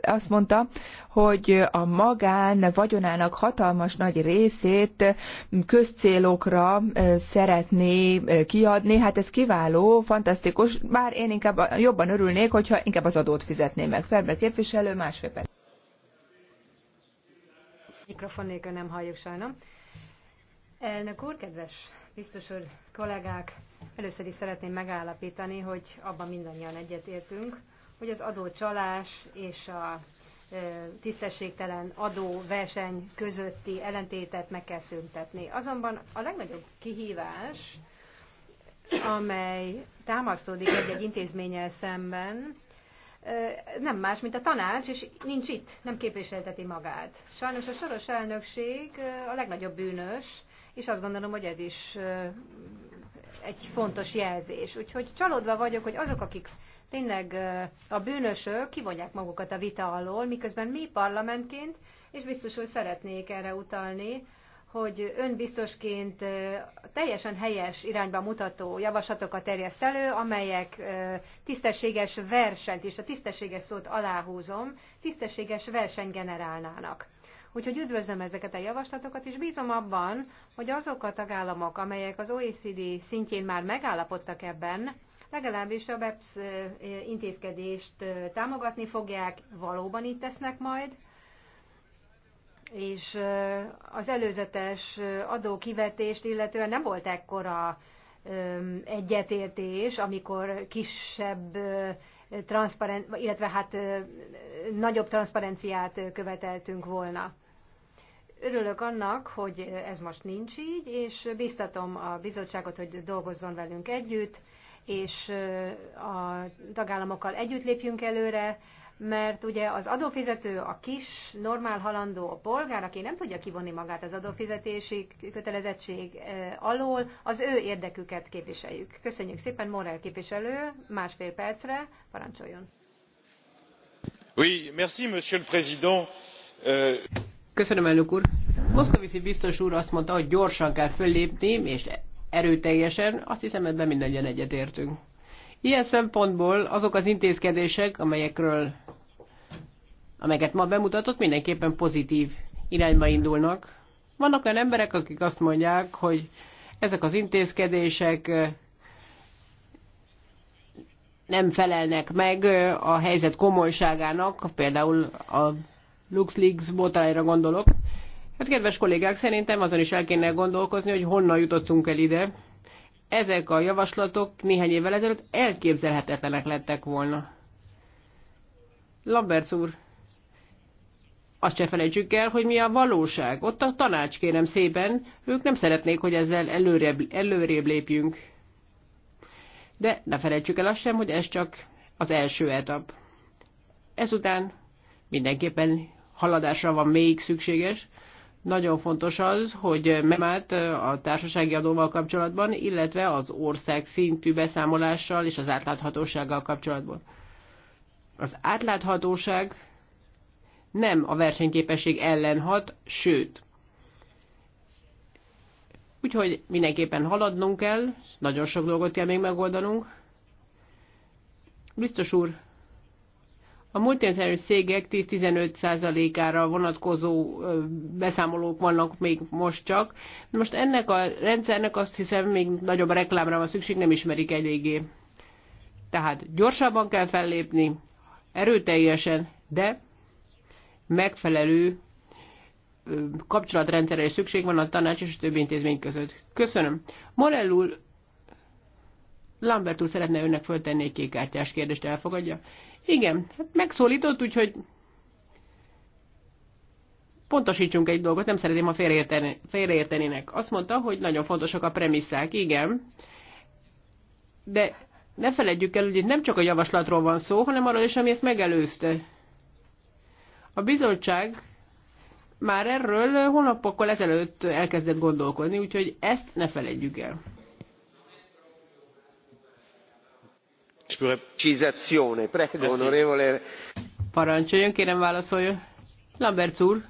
azt mondta, hogy a magán vagyonának hatalmas nagy részét közcélokra szeretné kiadni. Hát ez kiváló, fantasztikus, bár én inkább jobban örülnék, hogyha inkább az adót fizetném meg. Ferber képviselő, másfél perc. Mikrofonéka nem halljuk sajnos. Elnök úr, kedves biztos úr, kollégák! Először is szeretném megállapítani, hogy abban mindannyian egyetértünk, hogy az adócsalás és a e, tisztességtelen adóverseny közötti ellentétet meg kell szüntetni. Azonban a legnagyobb kihívás, amely támasztódik egy-egy intézménnyel szemben, e, nem más, mint a tanács, és nincs itt, nem képviselteti magát. Sajnos a soros elnökség e, a legnagyobb bűnös, és azt gondolom, hogy ez is egy fontos jelzés. Úgyhogy csalódva vagyok, hogy azok, akik tényleg a bűnösök kivonják magukat a vita alól, miközben mi parlamentként, és biztos, hogy szeretnék erre utalni, hogy önbiztosként teljesen helyes irányba mutató javaslatokat terjeszt elő, amelyek tisztességes versenyt, és a tisztességes szót aláhúzom, tisztességes versenyt generálnának. Úgyhogy üdvözlöm ezeket a javaslatokat, és bízom abban, hogy azok a tagállamok, amelyek az OECD szintjén már megállapodtak ebben, legalábbis a BEPS intézkedést támogatni fogják, valóban így tesznek majd, és az előzetes adókivetést illetően nem volt ekkora egyetértés, amikor kisebb transzparen, illetve hát nagyobb transzparenciát követeltünk volna. Örülök annak, hogy ez most nincs így, és biztatom a bizottságot, hogy dolgozzon velünk együtt, és a tagállamokkal együtt lépjünk előre, mert ugye az adófizető a kis, normál halandó a polgár, aki nem tudja kivonni magát az adófizetési kötelezettség alól, az ő érdeküket képviseljük. Köszönjük szépen, Morel képviselő, másfél percre, parancsoljon. Oui, merci, monsieur le président. Euh, Köszönöm, elnök úr. Moszkoviszi biztos úr azt mondta, hogy gyorsan kell föllépni, és erőteljesen. Azt hiszem, ebben mindannyian egyetértünk. Ilyen szempontból azok az intézkedések, amelyekről, amelyeket ma bemutatott, mindenképpen pozitív irányba indulnak. Vannak olyan emberek, akik azt mondják, hogy ezek az intézkedések nem felelnek meg a helyzet komolyságának, például a LuxLeaks botájra gondolok. Hát kedves kollégák, szerintem azon is el kéne gondolkozni, hogy honnan jutottunk el ide. Ezek a javaslatok néhány évvel ezelőtt elképzelhetetlenek lettek volna. Lambert úr, azt se felejtsük el, hogy mi a valóság. Ott a tanács, kérem szépen, ők nem szeretnék, hogy ezzel előrébb, előrébb lépjünk. De ne felejtsük el azt sem, hogy ez csak az első etap. Ezután mindenképpen haladásra van még szükséges. Nagyon fontos az, hogy memát a társasági adóval kapcsolatban, illetve az ország szintű beszámolással és az átláthatósággal kapcsolatban. Az átláthatóság nem a versenyképesség ellen hat, sőt. Úgyhogy mindenképpen haladnunk kell, nagyon sok dolgot kell még megoldanunk. Biztos úr, a multinacionális cégek 10-15%-ára vonatkozó beszámolók vannak még most csak. Most ennek a rendszernek azt hiszem még nagyobb reklámra van szükség, nem ismerik eléggé. Tehát gyorsabban kell fellépni, erőteljesen, de megfelelő kapcsolatrendszerre is szükség van a tanács és a többi intézmény között. Köszönöm. Morellul Lambert úr szeretne önnek föltenni egy kékártyás kérdést, elfogadja? Igen, hát megszólított, úgyhogy pontosítsunk egy dolgot, nem szeretném, ha félreérteni, félreértenének. Azt mondta, hogy nagyon fontosak a premisszák, igen, de ne feledjük el, hogy itt nem csak a javaslatról van szó, hanem arról is, ami ezt megelőzte. A bizottság már erről hónapokkal ezelőtt elkezdett gondolkodni, úgyhogy ezt ne feledjük el. Parancsoljon, kérem válaszoljon. úr,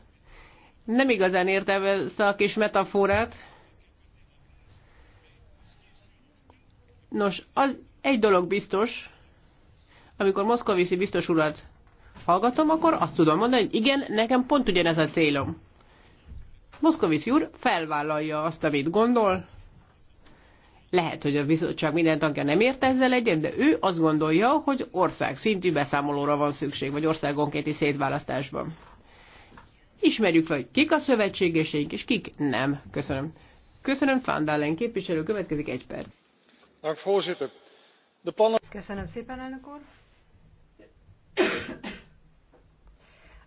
nem igazán értem ezt a kis metaforát. Nos, az egy dolog biztos, amikor Moszkoviszi biztos urat hallgatom, akkor azt tudom mondani, hogy igen, nekem pont ugyanez a célom. Moszkoviszi úr felvállalja azt, amit gondol, lehet, hogy a bizottság minden tagja nem ért ezzel egyet, de ő azt gondolja, hogy ország szintű beszámolóra van szükség, vagy országonkéti szétválasztásban. Ismerjük fel, hogy kik a szövetségeseink, és kik nem. Köszönöm. Köszönöm, Fandalen képviselő, következik egy perc. Köszönöm szépen, elnök úr.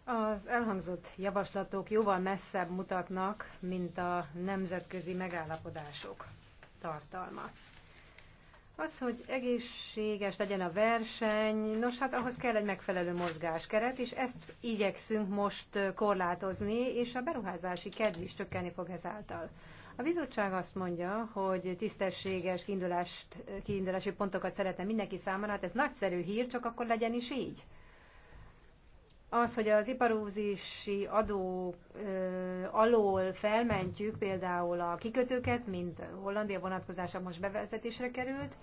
Az elhangzott javaslatok jóval messzebb mutatnak, mint a nemzetközi megállapodások tartalma. Az, hogy egészséges legyen a verseny, nos hát ahhoz kell egy megfelelő mozgáskeret, és ezt igyekszünk most korlátozni, és a beruházási kedv is csökkenni fog ezáltal. A bizottság azt mondja, hogy tisztességes kiindulást, kiindulási pontokat szeretne mindenki számára, hát ez nagyszerű hír, csak akkor legyen is így az, hogy az iparúzési adó ö, alól felmentjük például a kikötőket, mint Hollandia vonatkozása most bevezetésre került,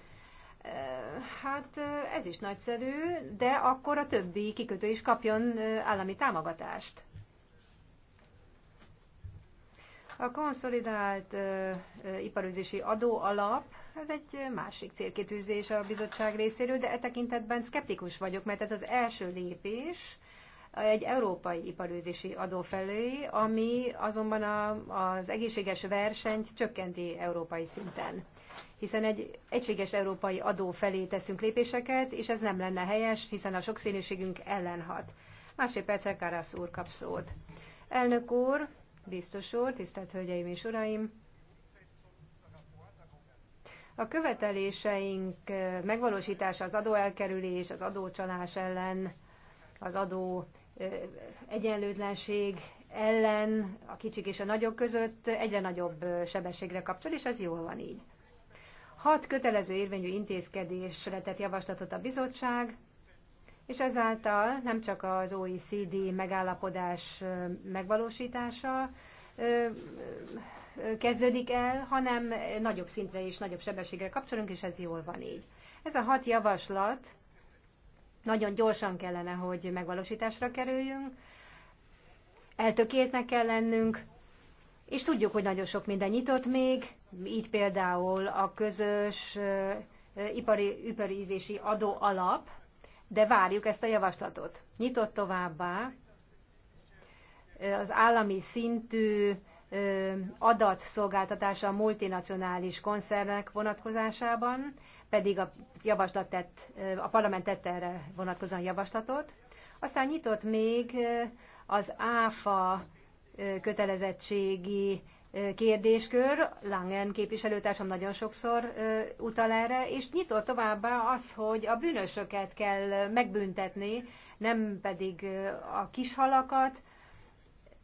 hát ez is nagyszerű, de akkor a többi kikötő is kapjon állami támogatást. A konszolidált ö, adó alap, ez egy másik célkitűzés a bizottság részéről, de e tekintetben szkeptikus vagyok, mert ez az első lépés, egy európai iparőzési adófelői, ami azonban a, az egészséges versenyt csökkenti európai szinten. Hiszen egy egységes európai adó felé teszünk lépéseket, és ez nem lenne helyes, hiszen a sokszínűségünk ellen hat. Másfél perccel Karasz úr kap szót. Elnök úr, biztos úr, tisztelt hölgyeim és uraim! A követeléseink megvalósítása az adóelkerülés, az adócsalás ellen, az adó egyenlőtlenség ellen a kicsik és a nagyok között egyre nagyobb sebességre kapcsol, és ez jól van így. Hat kötelező érvényű intézkedésre tett javaslatot a bizottság, és ezáltal nem csak az OECD megállapodás megvalósítása kezdődik el, hanem nagyobb szintre és nagyobb sebességre kapcsolunk, és ez jól van így. Ez a hat javaslat nagyon gyorsan kellene, hogy megvalósításra kerüljünk, eltökéltnek kell lennünk, és tudjuk, hogy nagyon sok minden nyitott még, így például a közös ipari, iparízési adó alap, de várjuk ezt a javaslatot. Nyitott továbbá az állami szintű adatszolgáltatása a multinacionális koncernek vonatkozásában, pedig a, javaslat tett, a parlament tette erre vonatkozóan javaslatot. Aztán nyitott még az ÁFA kötelezettségi kérdéskör, Langen képviselőtársam nagyon sokszor utal erre, és nyitott továbbá az, hogy a bűnösöket kell megbüntetni, nem pedig a kishalakat,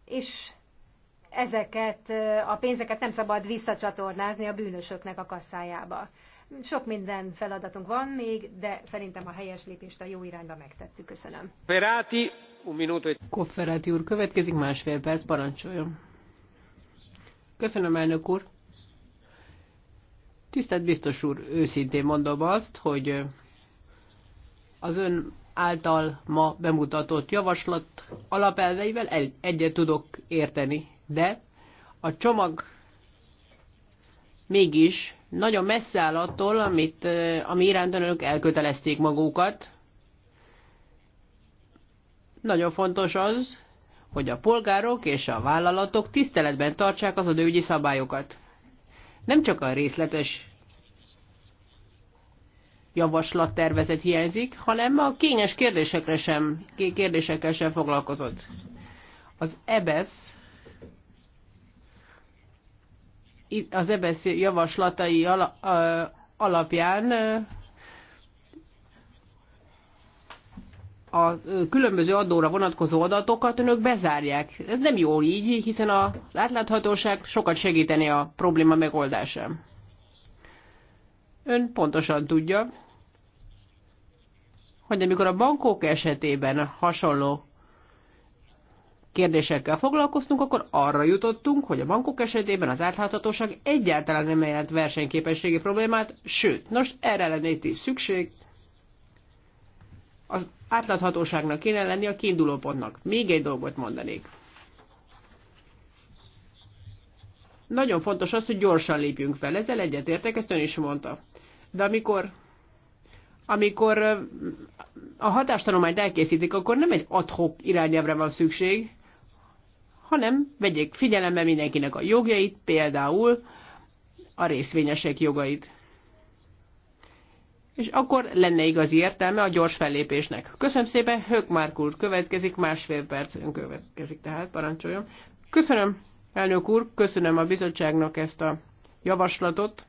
és ezeket a pénzeket nem szabad visszacsatornázni a bűnösöknek a kasszájába. Sok minden feladatunk van még, de szerintem a helyes lépést a jó irányba megtettük. Köszönöm. Ferrati, un minuto. Kofferati e- úr, következik másfél perc, parancsoljon. Köszönöm, elnök úr. Tisztelt biztos úr, őszintén mondom azt, hogy az ön által ma bemutatott javaslat alapelveivel egyet tudok érteni de a csomag mégis nagyon messze áll attól, amit, ami iránt önök elkötelezték magukat. Nagyon fontos az, hogy a polgárok és a vállalatok tiszteletben tartsák az adóügyi szabályokat. Nem csak a részletes javaslattervezet hiányzik, hanem a kényes kérdésekre sem, kérdésekkel sem foglalkozott. Az EBESZ az EBSZ e javaslatai alapján a különböző adóra vonatkozó adatokat önök bezárják. Ez nem jó így, hiszen az átláthatóság sokat segíteni a probléma megoldásán. Ön pontosan tudja, hogy amikor a bankok esetében hasonló kérdésekkel foglalkoztunk, akkor arra jutottunk, hogy a bankok esetében az átláthatóság egyáltalán nem jelent versenyképességi problémát, sőt, most erre lenne itt is szükség. Az átláthatóságnak kéne lenni a kiinduló pontnak. Még egy dolgot mondanék. Nagyon fontos az, hogy gyorsan lépjünk fel. Ezzel egyetértek, ezt ön is mondta. De amikor amikor a hatástanulmányt elkészítik, akkor nem egy adhok irányelvre van szükség, hanem vegyék figyelembe mindenkinek a jogjait, például a részvényesek jogait. És akkor lenne igazi értelme a gyors fellépésnek. Köszönöm szépen, Hökmárk úr következik, másfél perc ön következik, tehát parancsoljon. Köszönöm, elnök úr, köszönöm a bizottságnak ezt a javaslatot.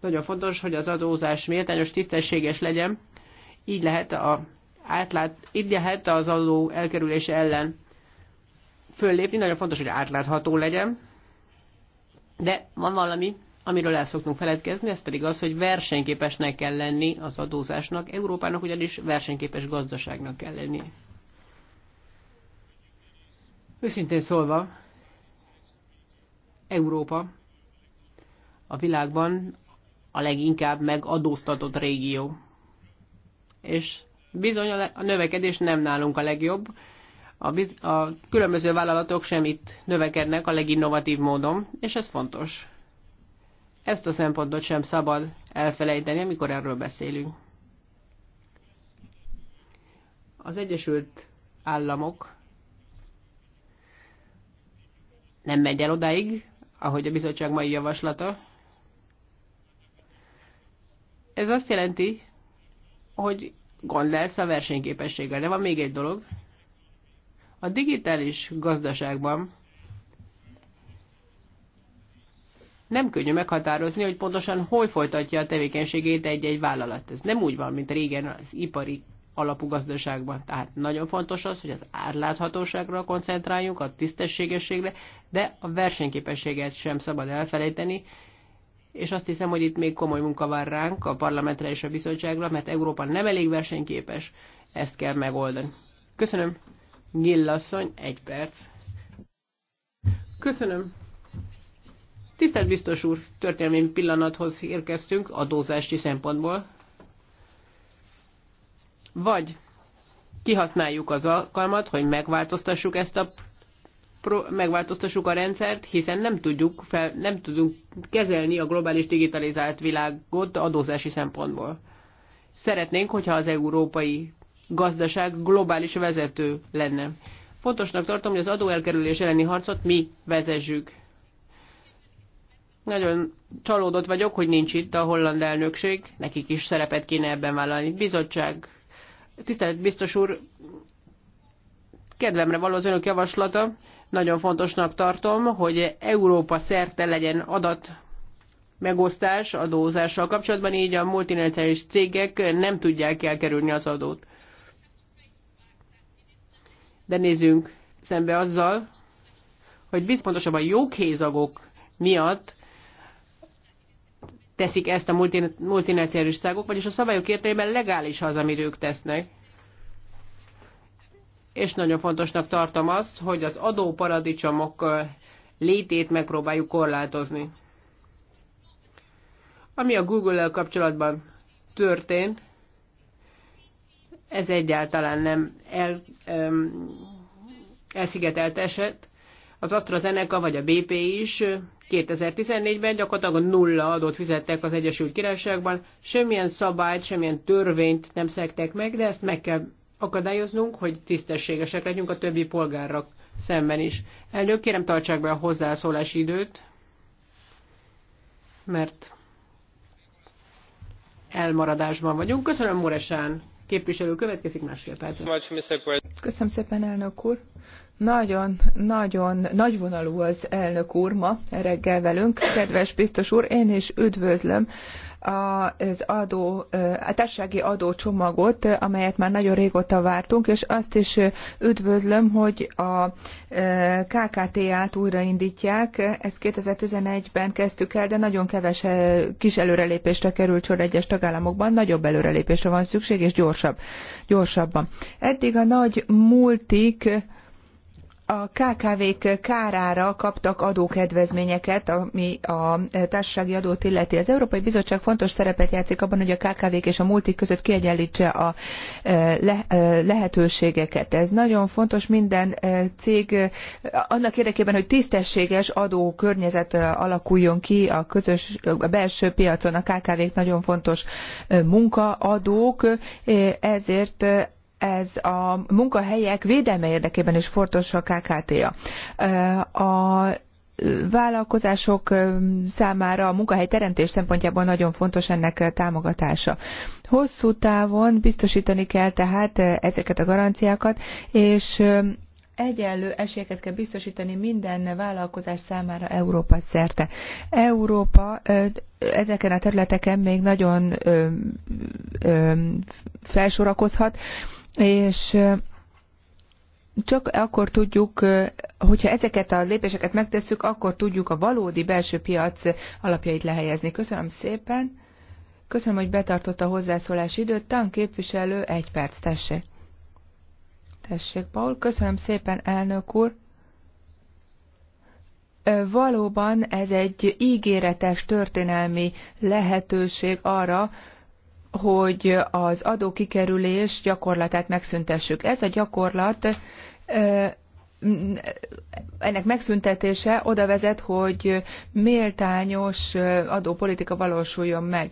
Nagyon fontos, hogy az adózás méltányos, tisztességes legyen. Így lehet a átlát, így lehet az adó elkerülése ellen föllépni, nagyon fontos, hogy átlátható legyen, de van valami, amiről el szoktunk feledkezni, ez pedig az, hogy versenyképesnek kell lenni az adózásnak, Európának ugyanis versenyképes gazdaságnak kell lenni. Őszintén szólva, Európa a világban a leginkább megadóztatott régió. És bizony a növekedés nem nálunk a legjobb, a, biz- a különböző vállalatok sem itt növekednek a leginnovatív módon, és ez fontos. Ezt a szempontot sem szabad elfelejteni, amikor erről beszélünk. Az Egyesült Államok nem megy el odáig, ahogy a bizottság mai javaslata. Ez azt jelenti, hogy gond lesz a versenyképességgel. De van még egy dolog, a digitális gazdaságban nem könnyű meghatározni, hogy pontosan hol folytatja a tevékenységét egy-egy vállalat. Ez nem úgy van, mint régen az ipari alapú gazdaságban. Tehát nagyon fontos az, hogy az árláthatóságra koncentráljunk, a tisztességességre, de a versenyképességet sem szabad elfelejteni, és azt hiszem, hogy itt még komoly munka vár ránk a parlamentre és a bizottságra, mert Európa nem elég versenyképes, ezt kell megoldani. Köszönöm. Nyillasszony, egy perc. Köszönöm. Tisztelt biztos úr, történelmi pillanathoz érkeztünk adózási szempontból. Vagy kihasználjuk az alkalmat, hogy megváltoztassuk ezt a megváltoztassuk a rendszert, hiszen nem tudjuk, fel, nem tudunk kezelni a globális digitalizált világot adózási szempontból. Szeretnénk, hogyha az Európai gazdaság globális vezető lenne. Fontosnak tartom, hogy az adóelkerülés elleni harcot mi vezessük. Nagyon csalódott vagyok, hogy nincs itt a holland elnökség, nekik is szerepet kéne ebben vállalni. Bizottság, tisztelt biztos úr, kedvemre való az önök javaslata, nagyon fontosnak tartom, hogy Európa szerte legyen adat megosztás adózással kapcsolatban, így a multinacionális cégek nem tudják elkerülni az adót de nézzünk szembe azzal, hogy a joghézagok miatt teszik ezt a multinacionális cégok, vagyis a szabályok értelmében legális az, amit ők tesznek. És nagyon fontosnak tartom azt, hogy az adóparadicsomok létét megpróbáljuk korlátozni. Ami a Google-el kapcsolatban történt, ez egyáltalán nem el, um, elszigetelt eset. Az AstraZeneca vagy a BP is 2014-ben gyakorlatilag nulla adót fizettek az Egyesült Királyságban, semmilyen szabályt, semmilyen törvényt nem szektek meg, de ezt meg kell akadályoznunk, hogy tisztességesek legyünk a többi polgárra szemben is. Elnök, kérem tartsák be a hozzászólási időt, mert elmaradásban vagyunk. Köszönöm, Muresán! képviselő következik másfél perc. Köszönöm szépen, elnök úr. Nagyon, nagyon nagyvonalú az elnök úr ma reggel velünk. Kedves biztos úr, én is üdvözlöm az adó, a társasági adócsomagot, amelyet már nagyon régóta vártunk, és azt is üdvözlöm, hogy a KKT-át újraindítják. Ezt 2011-ben kezdtük el, de nagyon keves kis előrelépésre került sor egyes tagállamokban. Nagyobb előrelépésre van szükség, és gyorsabb, gyorsabban. Eddig a nagy multik a KKV-k kárára kaptak adókedvezményeket, ami a társasági adót illeti. Az Európai Bizottság fontos szerepet játszik abban, hogy a KKV-k és a multik között kiegyenlítse a e, e, lehetőségeket. Ez nagyon fontos minden e, cég annak érdekében, hogy tisztességes adókörnyezet alakuljon ki a közös a belső piacon. A KKV-k nagyon fontos munkaadók, ezért ez a munkahelyek védelme érdekében is fontos a KKT-ja. A vállalkozások számára a munkahely teremtés szempontjából nagyon fontos ennek támogatása. Hosszú távon biztosítani kell tehát ezeket a garanciákat, és egyenlő esélyeket kell biztosítani minden vállalkozás számára Európa szerte. Európa ezeken a területeken még nagyon felsorakozhat, és csak akkor tudjuk, hogyha ezeket a lépéseket megtesszük, akkor tudjuk a valódi belső piac alapjait lehelyezni. Köszönöm szépen. Köszönöm, hogy betartotta a hozzászólás időt. Tan képviselő, egy perc, tessék. Tessék, Paul. Köszönöm szépen, elnök úr. Valóban ez egy ígéretes történelmi lehetőség arra, hogy az adókikerülés gyakorlatát megszüntessük. Ez a gyakorlat ennek megszüntetése oda vezet, hogy méltányos adópolitika valósuljon meg.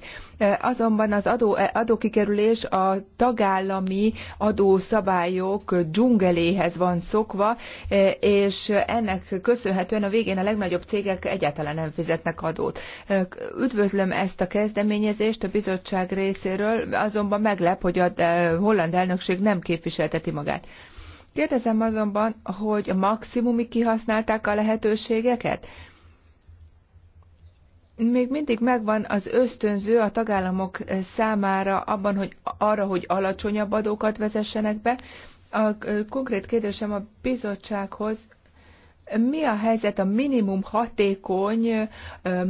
Azonban az adó, adókikerülés a tagállami adószabályok dzsungeléhez van szokva, és ennek köszönhetően a végén a legnagyobb cégek egyáltalán nem fizetnek adót. Üdvözlöm ezt a kezdeményezést a bizottság részéről, azonban meglep, hogy a holland elnökség nem képviselteti magát. Kérdezem azonban, hogy a maximumig kihasználták a lehetőségeket? Még mindig megvan az ösztönző a tagállamok számára abban, hogy arra, hogy alacsonyabb adókat vezessenek be. A konkrét kérdésem a bizottsághoz, mi a helyzet a minimum hatékony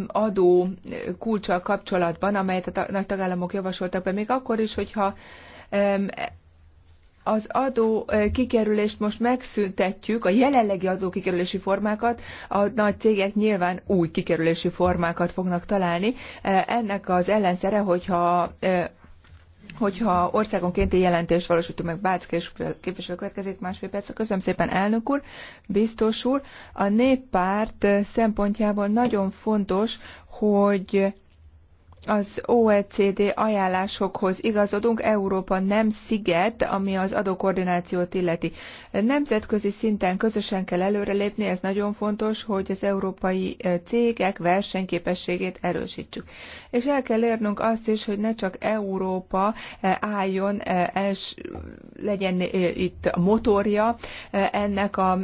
adó kulcsal kapcsolatban, amelyet a nagy tagállamok javasoltak be, még akkor is, hogyha az adó kikerülést most megszüntetjük, a jelenlegi adó kikerülési formákat, a nagy cégek nyilván új kikerülési formákat fognak találni. Ennek az ellenszere, hogyha hogyha országonkénti jelentést valósítunk meg, Bác képviselő következik másfél perc. Köszönöm szépen, elnök úr, biztos úr. A néppárt szempontjából nagyon fontos, hogy az OECD ajánlásokhoz igazodunk, Európa nem sziget, ami az adókoordinációt illeti. Nemzetközi szinten közösen kell előrelépni, ez nagyon fontos, hogy az európai e, cégek versenyképességét erősítsük. És el kell érnünk azt is, hogy ne csak Európa e, álljon, e, els, legyen itt a motorja ennek a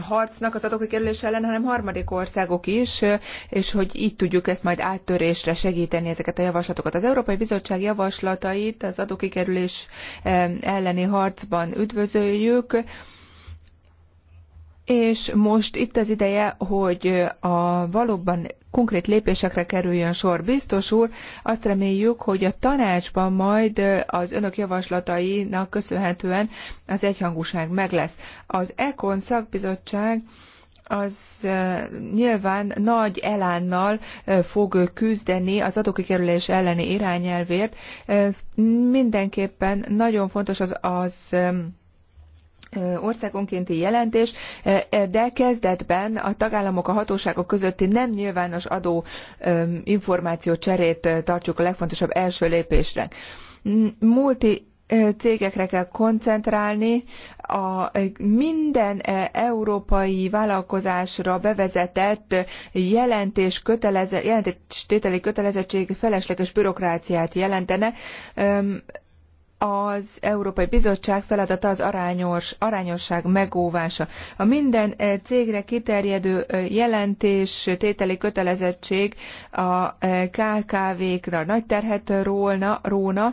harcnak az adókikerülés ellen, hanem harmadik országok is, és hogy így tudjuk ezt majd áttörésre segíteni ezeket a javaslatokat. Az Európai Bizottság javaslatait az adókikerülés eh, elleni harcban üdvözöljük, és most itt az ideje, hogy a valóban konkrét lépésekre kerüljön sor. Biztos úr, azt reméljük, hogy a tanácsban majd az önök javaslatainak köszönhetően az egyhangúság meg lesz. Az ECON szakbizottság az nyilván nagy elánnal fog küzdeni az adókikerülés elleni irányelvért. Mindenképpen nagyon fontos az, az országonkénti jelentés, e, de kezdetben a tagállamok a hatóságok közötti nem nyilvános adó információ cserét tartjuk a legfontosabb első lépésre. Multi cégekre kell koncentrálni, a minden európai vállalkozásra bevezetett jelentés köteleze, jelentéstételi kötelezettség felesleges bürokráciát jelentene az Európai Bizottság feladata az arányos, arányosság megóvása. A minden eh, cégre kiterjedő eh, jelentés, tételi kötelezettség a eh, KKV-kra nagy terhet rólna, róna,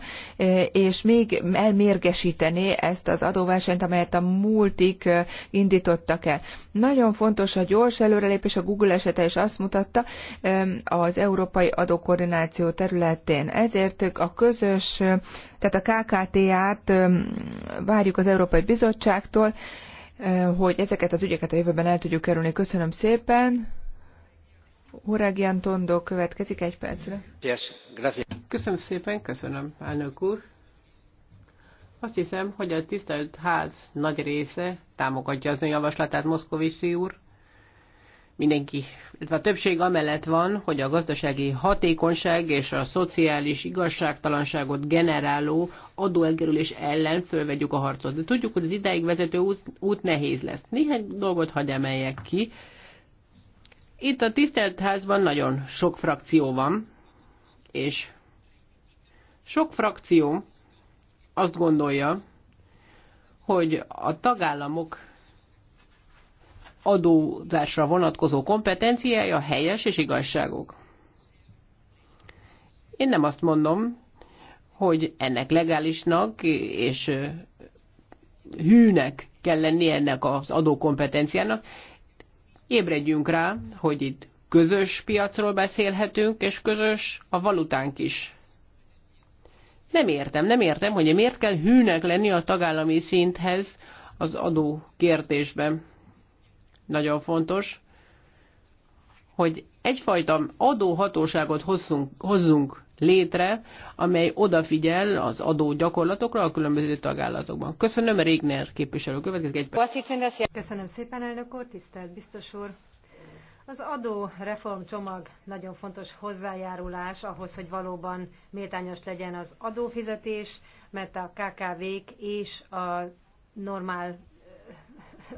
és még elmérgesítené ezt az adóversenyt, amelyet a múltig indítottak el. Nagyon fontos a gyors előrelépés, a Google esete is azt mutatta az európai adókoordináció területén. Ezért a közös tehát a KKTA-t várjuk az Európai Bizottságtól, hogy ezeket az ügyeket a jövőben el tudjuk kerülni. Köszönöm szépen. Horagian Tondo következik egy percre. Köszönöm szépen, köszönöm, elnök úr. Azt hiszem, hogy a tisztelt ház nagy része támogatja az ön javaslatát, Moszkovicsi úr mindenki, illetve a többség amellett van, hogy a gazdasági hatékonyság és a szociális igazságtalanságot generáló adóelkerülés ellen fölvegyük a harcot. De tudjuk, hogy az idáig vezető út, út nehéz lesz. Néhány dolgot hagy emeljek ki. Itt a tisztelt házban nagyon sok frakció van, és sok frakció azt gondolja, hogy a tagállamok adózásra vonatkozó kompetenciája helyes és igazságok. Én nem azt mondom, hogy ennek legálisnak és hűnek kell lenni ennek az adókompetenciának. Ébredjünk rá, hogy itt közös piacról beszélhetünk, és közös a valutánk is. Nem értem, nem értem, hogy miért kell hűnek lenni a tagállami szinthez az adó kérdésben nagyon fontos, hogy egyfajta adóhatóságot hozzunk, hozzunk létre, amely odafigyel az adó gyakorlatokra a különböző tagállatokban. Köszönöm, Régner képviselő. Következik egy percet. Köszönöm szépen, elnök úr, tisztelt biztos úr. Az adó reformcsomag nagyon fontos hozzájárulás ahhoz, hogy valóban méltányos legyen az adófizetés, mert a KKV-k és a normál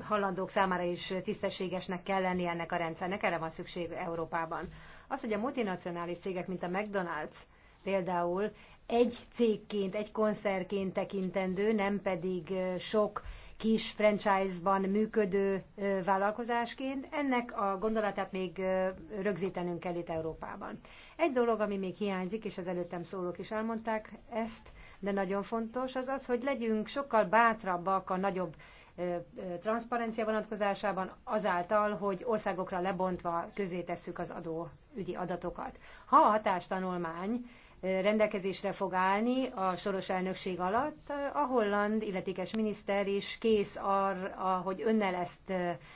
Hollandók számára is tisztességesnek kell lenni ennek a rendszernek, erre van szükség Európában. Az, hogy a multinacionális cégek, mint a McDonald's például, egy cégként, egy konszerként tekintendő, nem pedig sok kis franchise-ban működő vállalkozásként. Ennek a gondolatát még rögzítenünk kell itt Európában. Egy dolog, ami még hiányzik, és az előttem szólók is elmondták ezt, de nagyon fontos, az az, hogy legyünk sokkal bátrabbak a nagyobb transzparencia vonatkozásában azáltal, hogy országokra lebontva közé tesszük az adóügyi adatokat. Ha a hatástanulmány rendelkezésre fog állni a soros elnökség alatt, a holland illetékes miniszter is kész arra, hogy önnel ezt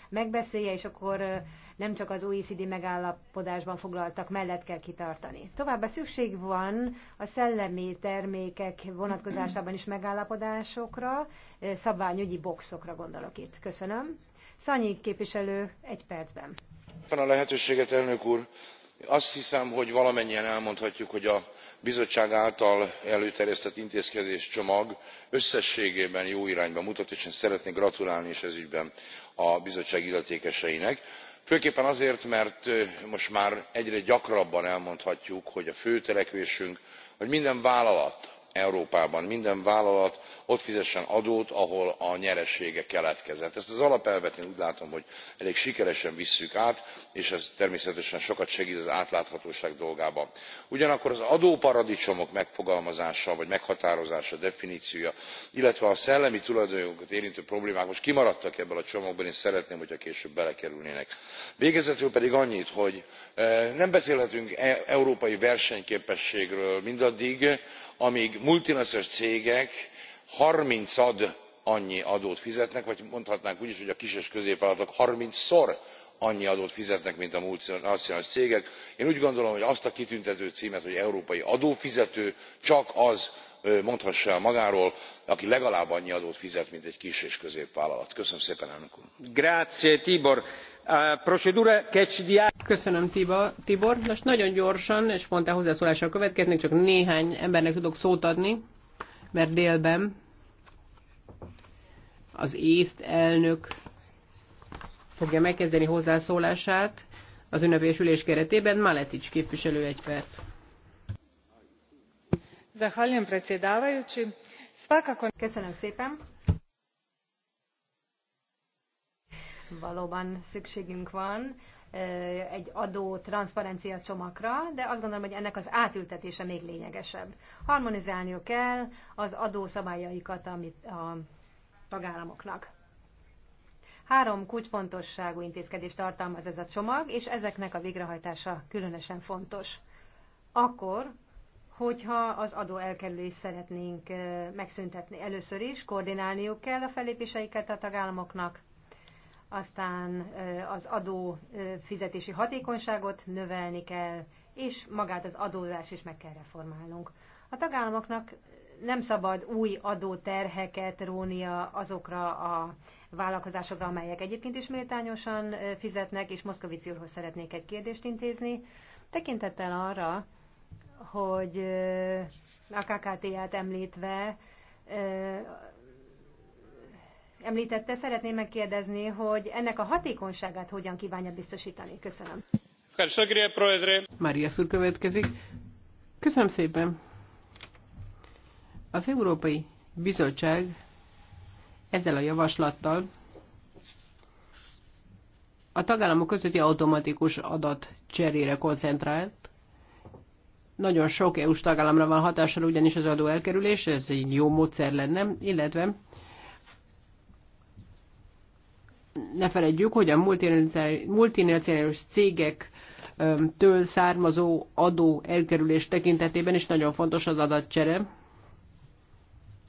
megbeszélje, és akkor nem csak az OECD megállapodásban foglaltak mellett kell kitartani. Továbbá szükség van a szellemi termékek vonatkozásában is megállapodásokra, szabványügyi boxokra gondolok itt. Köszönöm. Szanyi képviselő, egy percben. Van a lehetőséget, elnök úr. Azt hiszem, hogy valamennyien elmondhatjuk, hogy a bizottság által előterjesztett csomag összességében jó irányba mutat és én szeretnék gratulálni is ezügyben a bizottság illetékeseinek főképpen azért mert most már egyre gyakrabban elmondhatjuk hogy a fő törekvésünk hogy minden vállalat európában minden vállalat ott fizessen adót ahol a nyeresége keletkezett. ezt az alapelvet én úgy látom hogy elég sikeresen visszük át és ez természetesen sokat segt az átláthatóság dolgában. ugyanakkor az adóparadicsomok megfogalmazása vagy meghatározása definciója illetve a szellemi tulajdonjogokat érintő problémák most kimaradtak ebből a csomagból én szeretném hogyha később belekerülnének. végezetül pedig annyit hogy eh, nem beszélhetünk e, európai versenyképességről mindaddig amg multinacionális cégek harmincad annyi adót fizetnek vagy mondhatnánk úgy is hogy a kis és középvállalatok harmincszor annyi adót fizetnek mint a multinacionális cégek. én úgy gondolom hogy azt a kitüntető cmet hogy európai adófizető csak az mondhassa el magáról aki legalább annyi adót fizet mint egy kis és középvállalat. köszönöm szépen elnök úr! köszönöm tibor. most nagyon gyorsan és spontán hozzászólások következnek csak néhány embernek tudok szót adni mert délben az észt elnök fogja megkezdeni hozzászólását az ünnepés ülés keretében. Maletics képviselő egy perc. Köszönöm szépen. Valóban szükségünk van egy adó transzparencia csomagra, de azt gondolom, hogy ennek az átültetése még lényegesebb. Harmonizálniuk kell az adószabályaikat amit a tagállamoknak. Három kulcsfontosságú intézkedést tartalmaz ez a csomag, és ezeknek a végrehajtása különösen fontos. Akkor, hogyha az adó elkerülést szeretnénk megszüntetni először is, koordinálniuk kell a felépéseiket a tagállamoknak, aztán az adó fizetési hatékonyságot növelni kell, és magát az adózás is meg kell reformálnunk. A tagállamoknak nem szabad új adóterheket rónia azokra a vállalkozásokra, amelyek egyébként is méltányosan fizetnek, és Moszkovici úrhoz szeretnék egy kérdést intézni. Tekintettel arra, hogy a KKT-ját említve említette, szeretném megkérdezni, hogy ennek a hatékonyságát hogyan kívánja biztosítani. Köszönöm. Mária Szúr következik. Köszönöm szépen. Az Európai Bizottság ezzel a javaslattal a tagállamok közötti automatikus adatcserére koncentrált. Nagyon sok EU-s tagállamra van hatással ugyanis az adó elkerülés, ez egy jó módszer lenne, illetve ne felejtjük, hogy a multinacionális cégek től származó adó elkerülés tekintetében is nagyon fontos az adatcsere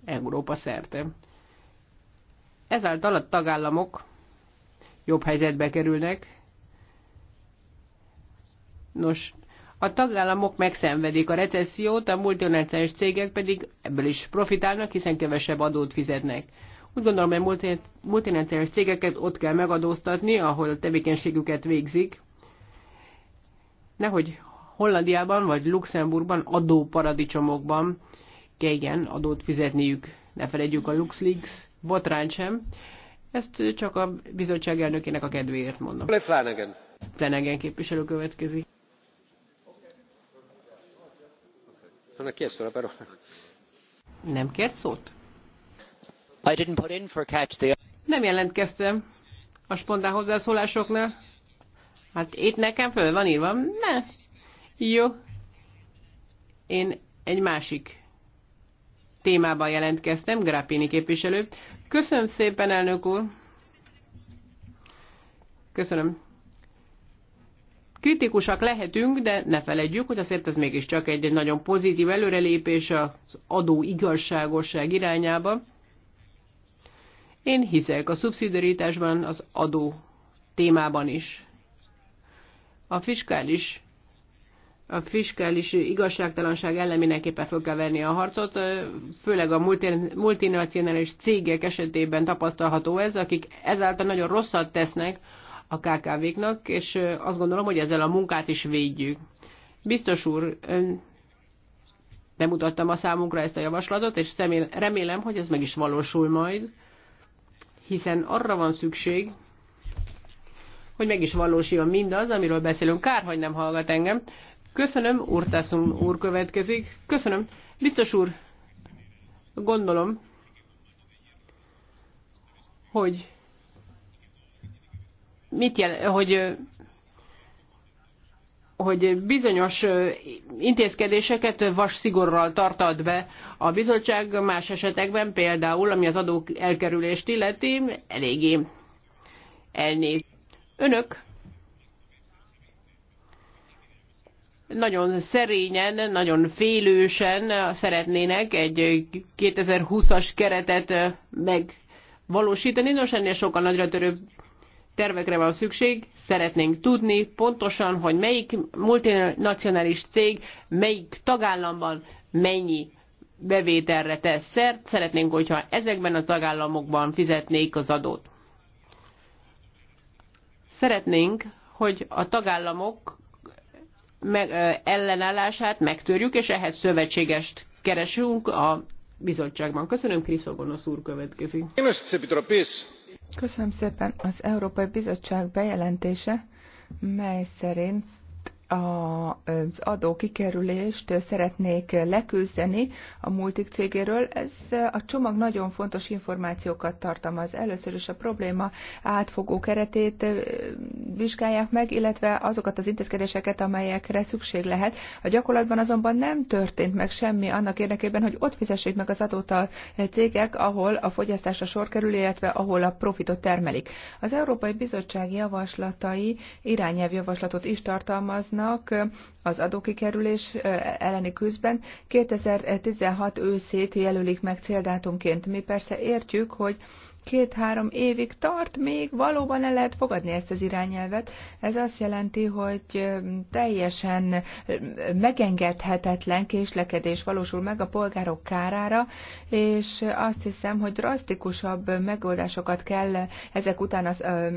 Európa szerte. Ezáltal a tagállamok jobb helyzetbe kerülnek. Nos, a tagállamok megszenvedik a recessziót, a multinacionális cégek pedig ebből is profitálnak, hiszen kevesebb adót fizetnek. Úgy gondolom, hogy a multinacionális cégeket ott kell megadóztatni, ahol a tevékenységüket végzik. Nehogy Hollandiában vagy Luxemburgban adóparadicsomokban kelljen adót fizetniük. Ne felejtjük a LuxLeaks botrány sem. Ezt csak a bizottság elnökének a kedvéért mondom. Flanagan. Flanagan képviselő következik. Nem kért szót? Nem jelentkeztem a spontán hozzászólásoknál. Hát itt nekem föl van írva. Ne. Jó. Én egy másik témában jelentkeztem, Grappini képviselő. Köszönöm szépen, elnök úr. Köszönöm. Kritikusak lehetünk, de ne feledjük, hogy azért ez mégiscsak egy, egy nagyon pozitív előrelépés az adó igazságosság irányába. Én hiszek a szubszidiaritásban, az adó témában is. A fiskális a fiskális igazságtalanság ellen mindenképpen fel kell venni a harcot, főleg a multinacionális cégek esetében tapasztalható ez, akik ezáltal nagyon rosszat tesznek a KKV-knak, és azt gondolom, hogy ezzel a munkát is védjük. Biztos úr, ön bemutattam a számunkra ezt a javaslatot, és remélem, hogy ez meg is valósul majd hiszen arra van szükség, hogy meg is valósuljon mindaz, amiről beszélünk. Kár, hogy nem hallgat engem. Köszönöm, Urtászum úr következik. Köszönöm. Biztos úr, gondolom, hogy mit jel, hogy hogy bizonyos intézkedéseket vas szigorral tartalt be a bizottság, más esetekben például, ami az adók elkerülést illeti, eléggé elnéz. Önök nagyon szerényen, nagyon félősen szeretnének egy 2020-as keretet megvalósítani. Nos, ennél sokkal nagyra törőbb tervekre van szükség, szeretnénk tudni pontosan, hogy melyik multinacionális cég melyik tagállamban mennyi bevételre tesz szert, szeretnénk, hogyha ezekben a tagállamokban fizetnék az adót. Szeretnénk, hogy a tagállamok meg, ellenállását megtörjük, és ehhez szövetségest keresünk a bizottságban. Köszönöm, Kriszogonosz úr következik. Köszönöm szépen az Európai Bizottság bejelentése, mely szerint az adó kikerülést szeretnék leküzdeni a multik cégéről. Ez a csomag nagyon fontos információkat tartalmaz. Először is a probléma átfogó keretét vizsgálják meg, illetve azokat az intézkedéseket, amelyekre szükség lehet. A gyakorlatban azonban nem történt meg semmi annak érdekében, hogy ott fizessék meg az adót a cégek, ahol a fogyasztásra sor kerül, illetve ahol a profitot termelik. Az Európai Bizottság javaslatai irányelvjavaslatot is tartalmaznak, Uniónak az adókikerülés elleni küzdben 2016 őszét jelölik meg céldátumként. Mi persze értjük, hogy két-három évig tart, még valóban el lehet fogadni ezt az irányelvet. Ez azt jelenti, hogy teljesen megengedhetetlen késlekedés valósul meg a polgárok kárára, és azt hiszem, hogy drasztikusabb megoldásokat kell ezek után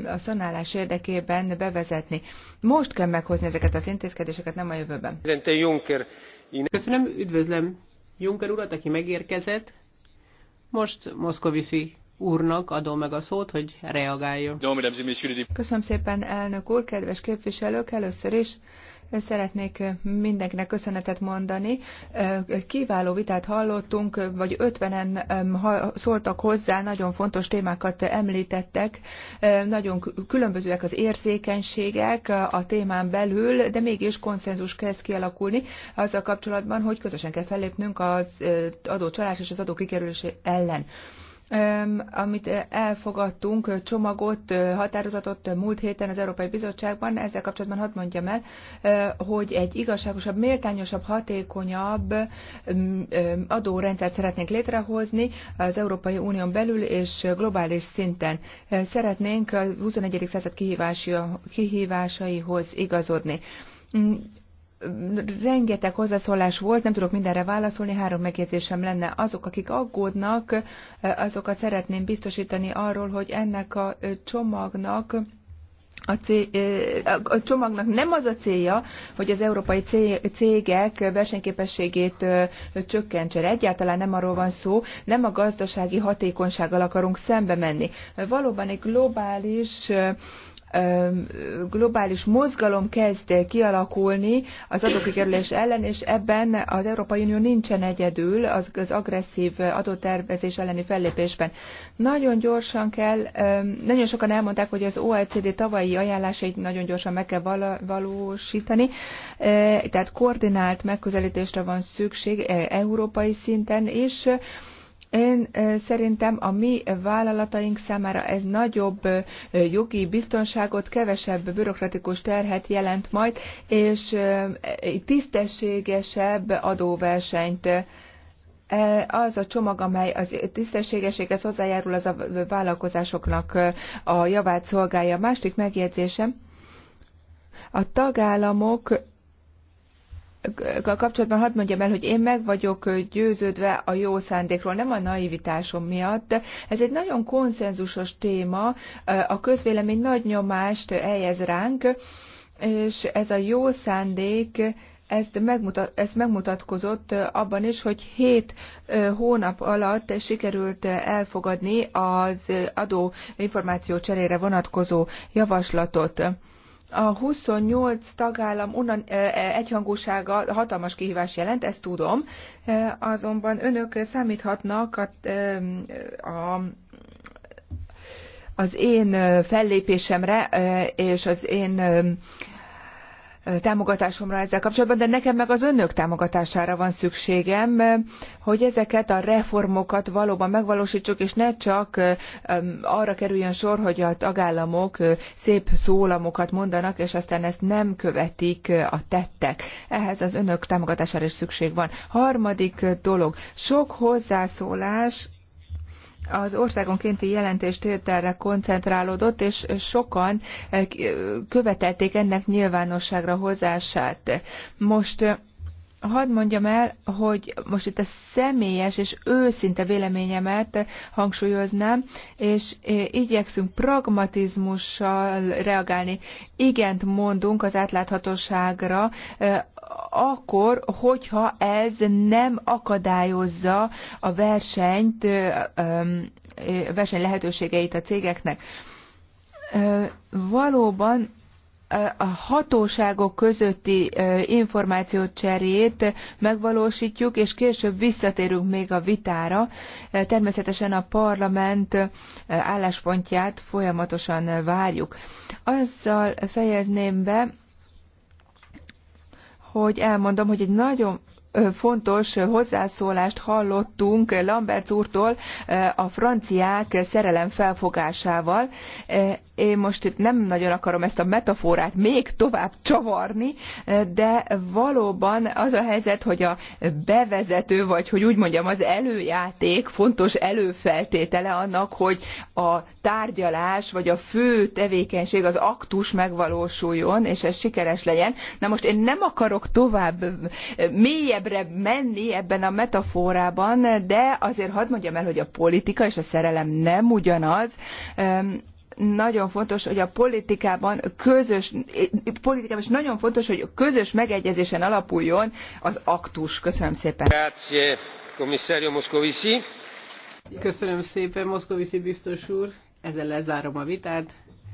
a szonálás érdekében bevezetni. Most kell meghozni ezeket az intézkedéseket, nem a jövőben. Köszönöm, üdvözlöm Juncker urat, aki megérkezett. Most Moszkoviszi úrnak adom meg a szót, hogy reagáljon. Köszönöm szépen, elnök úr, kedves képviselők, először is eh, Szeretnék eh, mindenkinek köszönetet mondani. Eh, kiváló vitát hallottunk, vagy ötvenen szóltak hozzá, nagyon fontos témákat említettek. Nagyon különbözőek az érzékenységek a témán belül, de mégis konszenzus kezd kialakulni azzal kapcsolatban, hogy közösen kell fellépnünk az adócsalás és az adókikerülés ellen amit elfogadtunk, csomagot, határozatot múlt héten az Európai Bizottságban. Ezzel kapcsolatban hadd mondjam el, hogy egy igazságosabb, méltányosabb, hatékonyabb adórendszert szeretnénk létrehozni az Európai Unión belül és globális szinten. Szeretnénk a 21. század kihívásaihoz igazodni hm, rengeteg hozzászólás volt, nem tudok mindenre válaszolni, három megjegyzésem lenne. Azok, akik aggódnak, azokat szeretném biztosítani arról, hogy ennek a csomagnak a, cél, a csomagnak nem az a célja, hogy az európai cégek versenyképességét csökkentse. Egyáltalán nem arról van szó, nem a gazdasági hatékonysággal akarunk szembe menni. Valóban egy globális globális mozgalom kezd kialakulni az adókikerülés ellen, és ebben az Európai Unió nincsen egyedül az, az agresszív adótervezés elleni fellépésben. Nagyon gyorsan kell, nagyon sokan elmondták, hogy az OECD tavalyi ajánlásait nagyon gyorsan meg kell valósítani, tehát koordinált megközelítésre van szükség európai szinten, és én szerintem a mi vállalataink számára ez nagyobb jogi biztonságot, kevesebb bürokratikus terhet jelent majd, és tisztességesebb adóversenyt e, az a csomag, amely az tisztességeséghez hozzájárul, az a vállalkozásoknak a javát szolgálja. Másik megjegyzésem, a tagállamok kapcsolatban hadd mondjam el, hogy én meg vagyok győződve a jó szándékról, nem a naivitásom miatt. Ez egy nagyon konszenzusos téma, a közvélemény nagy nyomást helyez ránk, és ez a jó szándék ezt, megmutat, ezt megmutatkozott abban is, hogy hét hónap alatt sikerült elfogadni az adó információ cserére vonatkozó javaslatot a 28 tagállam unan, egyhangúsága hatalmas kihívás jelent, ezt tudom, azonban önök számíthatnak a, a az én fellépésemre és az én támogatásomra ezzel kapcsolatban, de nekem meg az önök támogatására van szükségem, hogy ezeket a reformokat valóban megvalósítsuk, és ne csak arra kerüljön sor, hogy a tagállamok szép szólamokat mondanak, és aztán ezt nem követik a tettek. Ehhez az önök támogatására is szükség van. Harmadik dolog, sok hozzászólás az országonkénti jelentés tételre koncentrálódott, és sokan eh, követelték ennek nyilvánosságra hozását. Most eh, hadd mondjam el, hogy most itt a személyes és őszinte véleményemet hangsúlyoznám, és e, igyekszünk pragmatizmussal reagálni. Igent mondunk az átláthatóságra, e, akkor, hogyha ez nem akadályozza a versenyt, a e, verseny lehetőségeit a cégeknek. Valóban a hatóságok közötti információcserét megvalósítjuk, és később visszatérünk még a vitára. Természetesen a parlament álláspontját folyamatosan várjuk. Azzal fejezném be, hogy elmondom, hogy egy nagyon fontos hozzászólást hallottunk Lamberts úrtól a franciák szerelem felfogásával. Én most itt nem nagyon akarom ezt a metaforát még tovább csavarni, de valóban az a helyzet, hogy a bevezető, vagy hogy úgy mondjam, az előjáték fontos előfeltétele annak, hogy a tárgyalás, vagy a fő tevékenység, az aktus megvalósuljon, és ez sikeres legyen. Na most én nem akarok tovább mélyebb mélyebbre menni ebben a metaforában, de azért hadd mondjam el, hogy a politika és a szerelem nem ugyanaz nagyon fontos, hogy a politikában közös, politikában is nagyon fontos, hogy közös megegyezésen alapuljon az aktus. Köszönöm szépen. Grazie, commissario Moscovici. Köszönöm szépen, Moscovici biztos úr. Ezzel lezárom a vitát.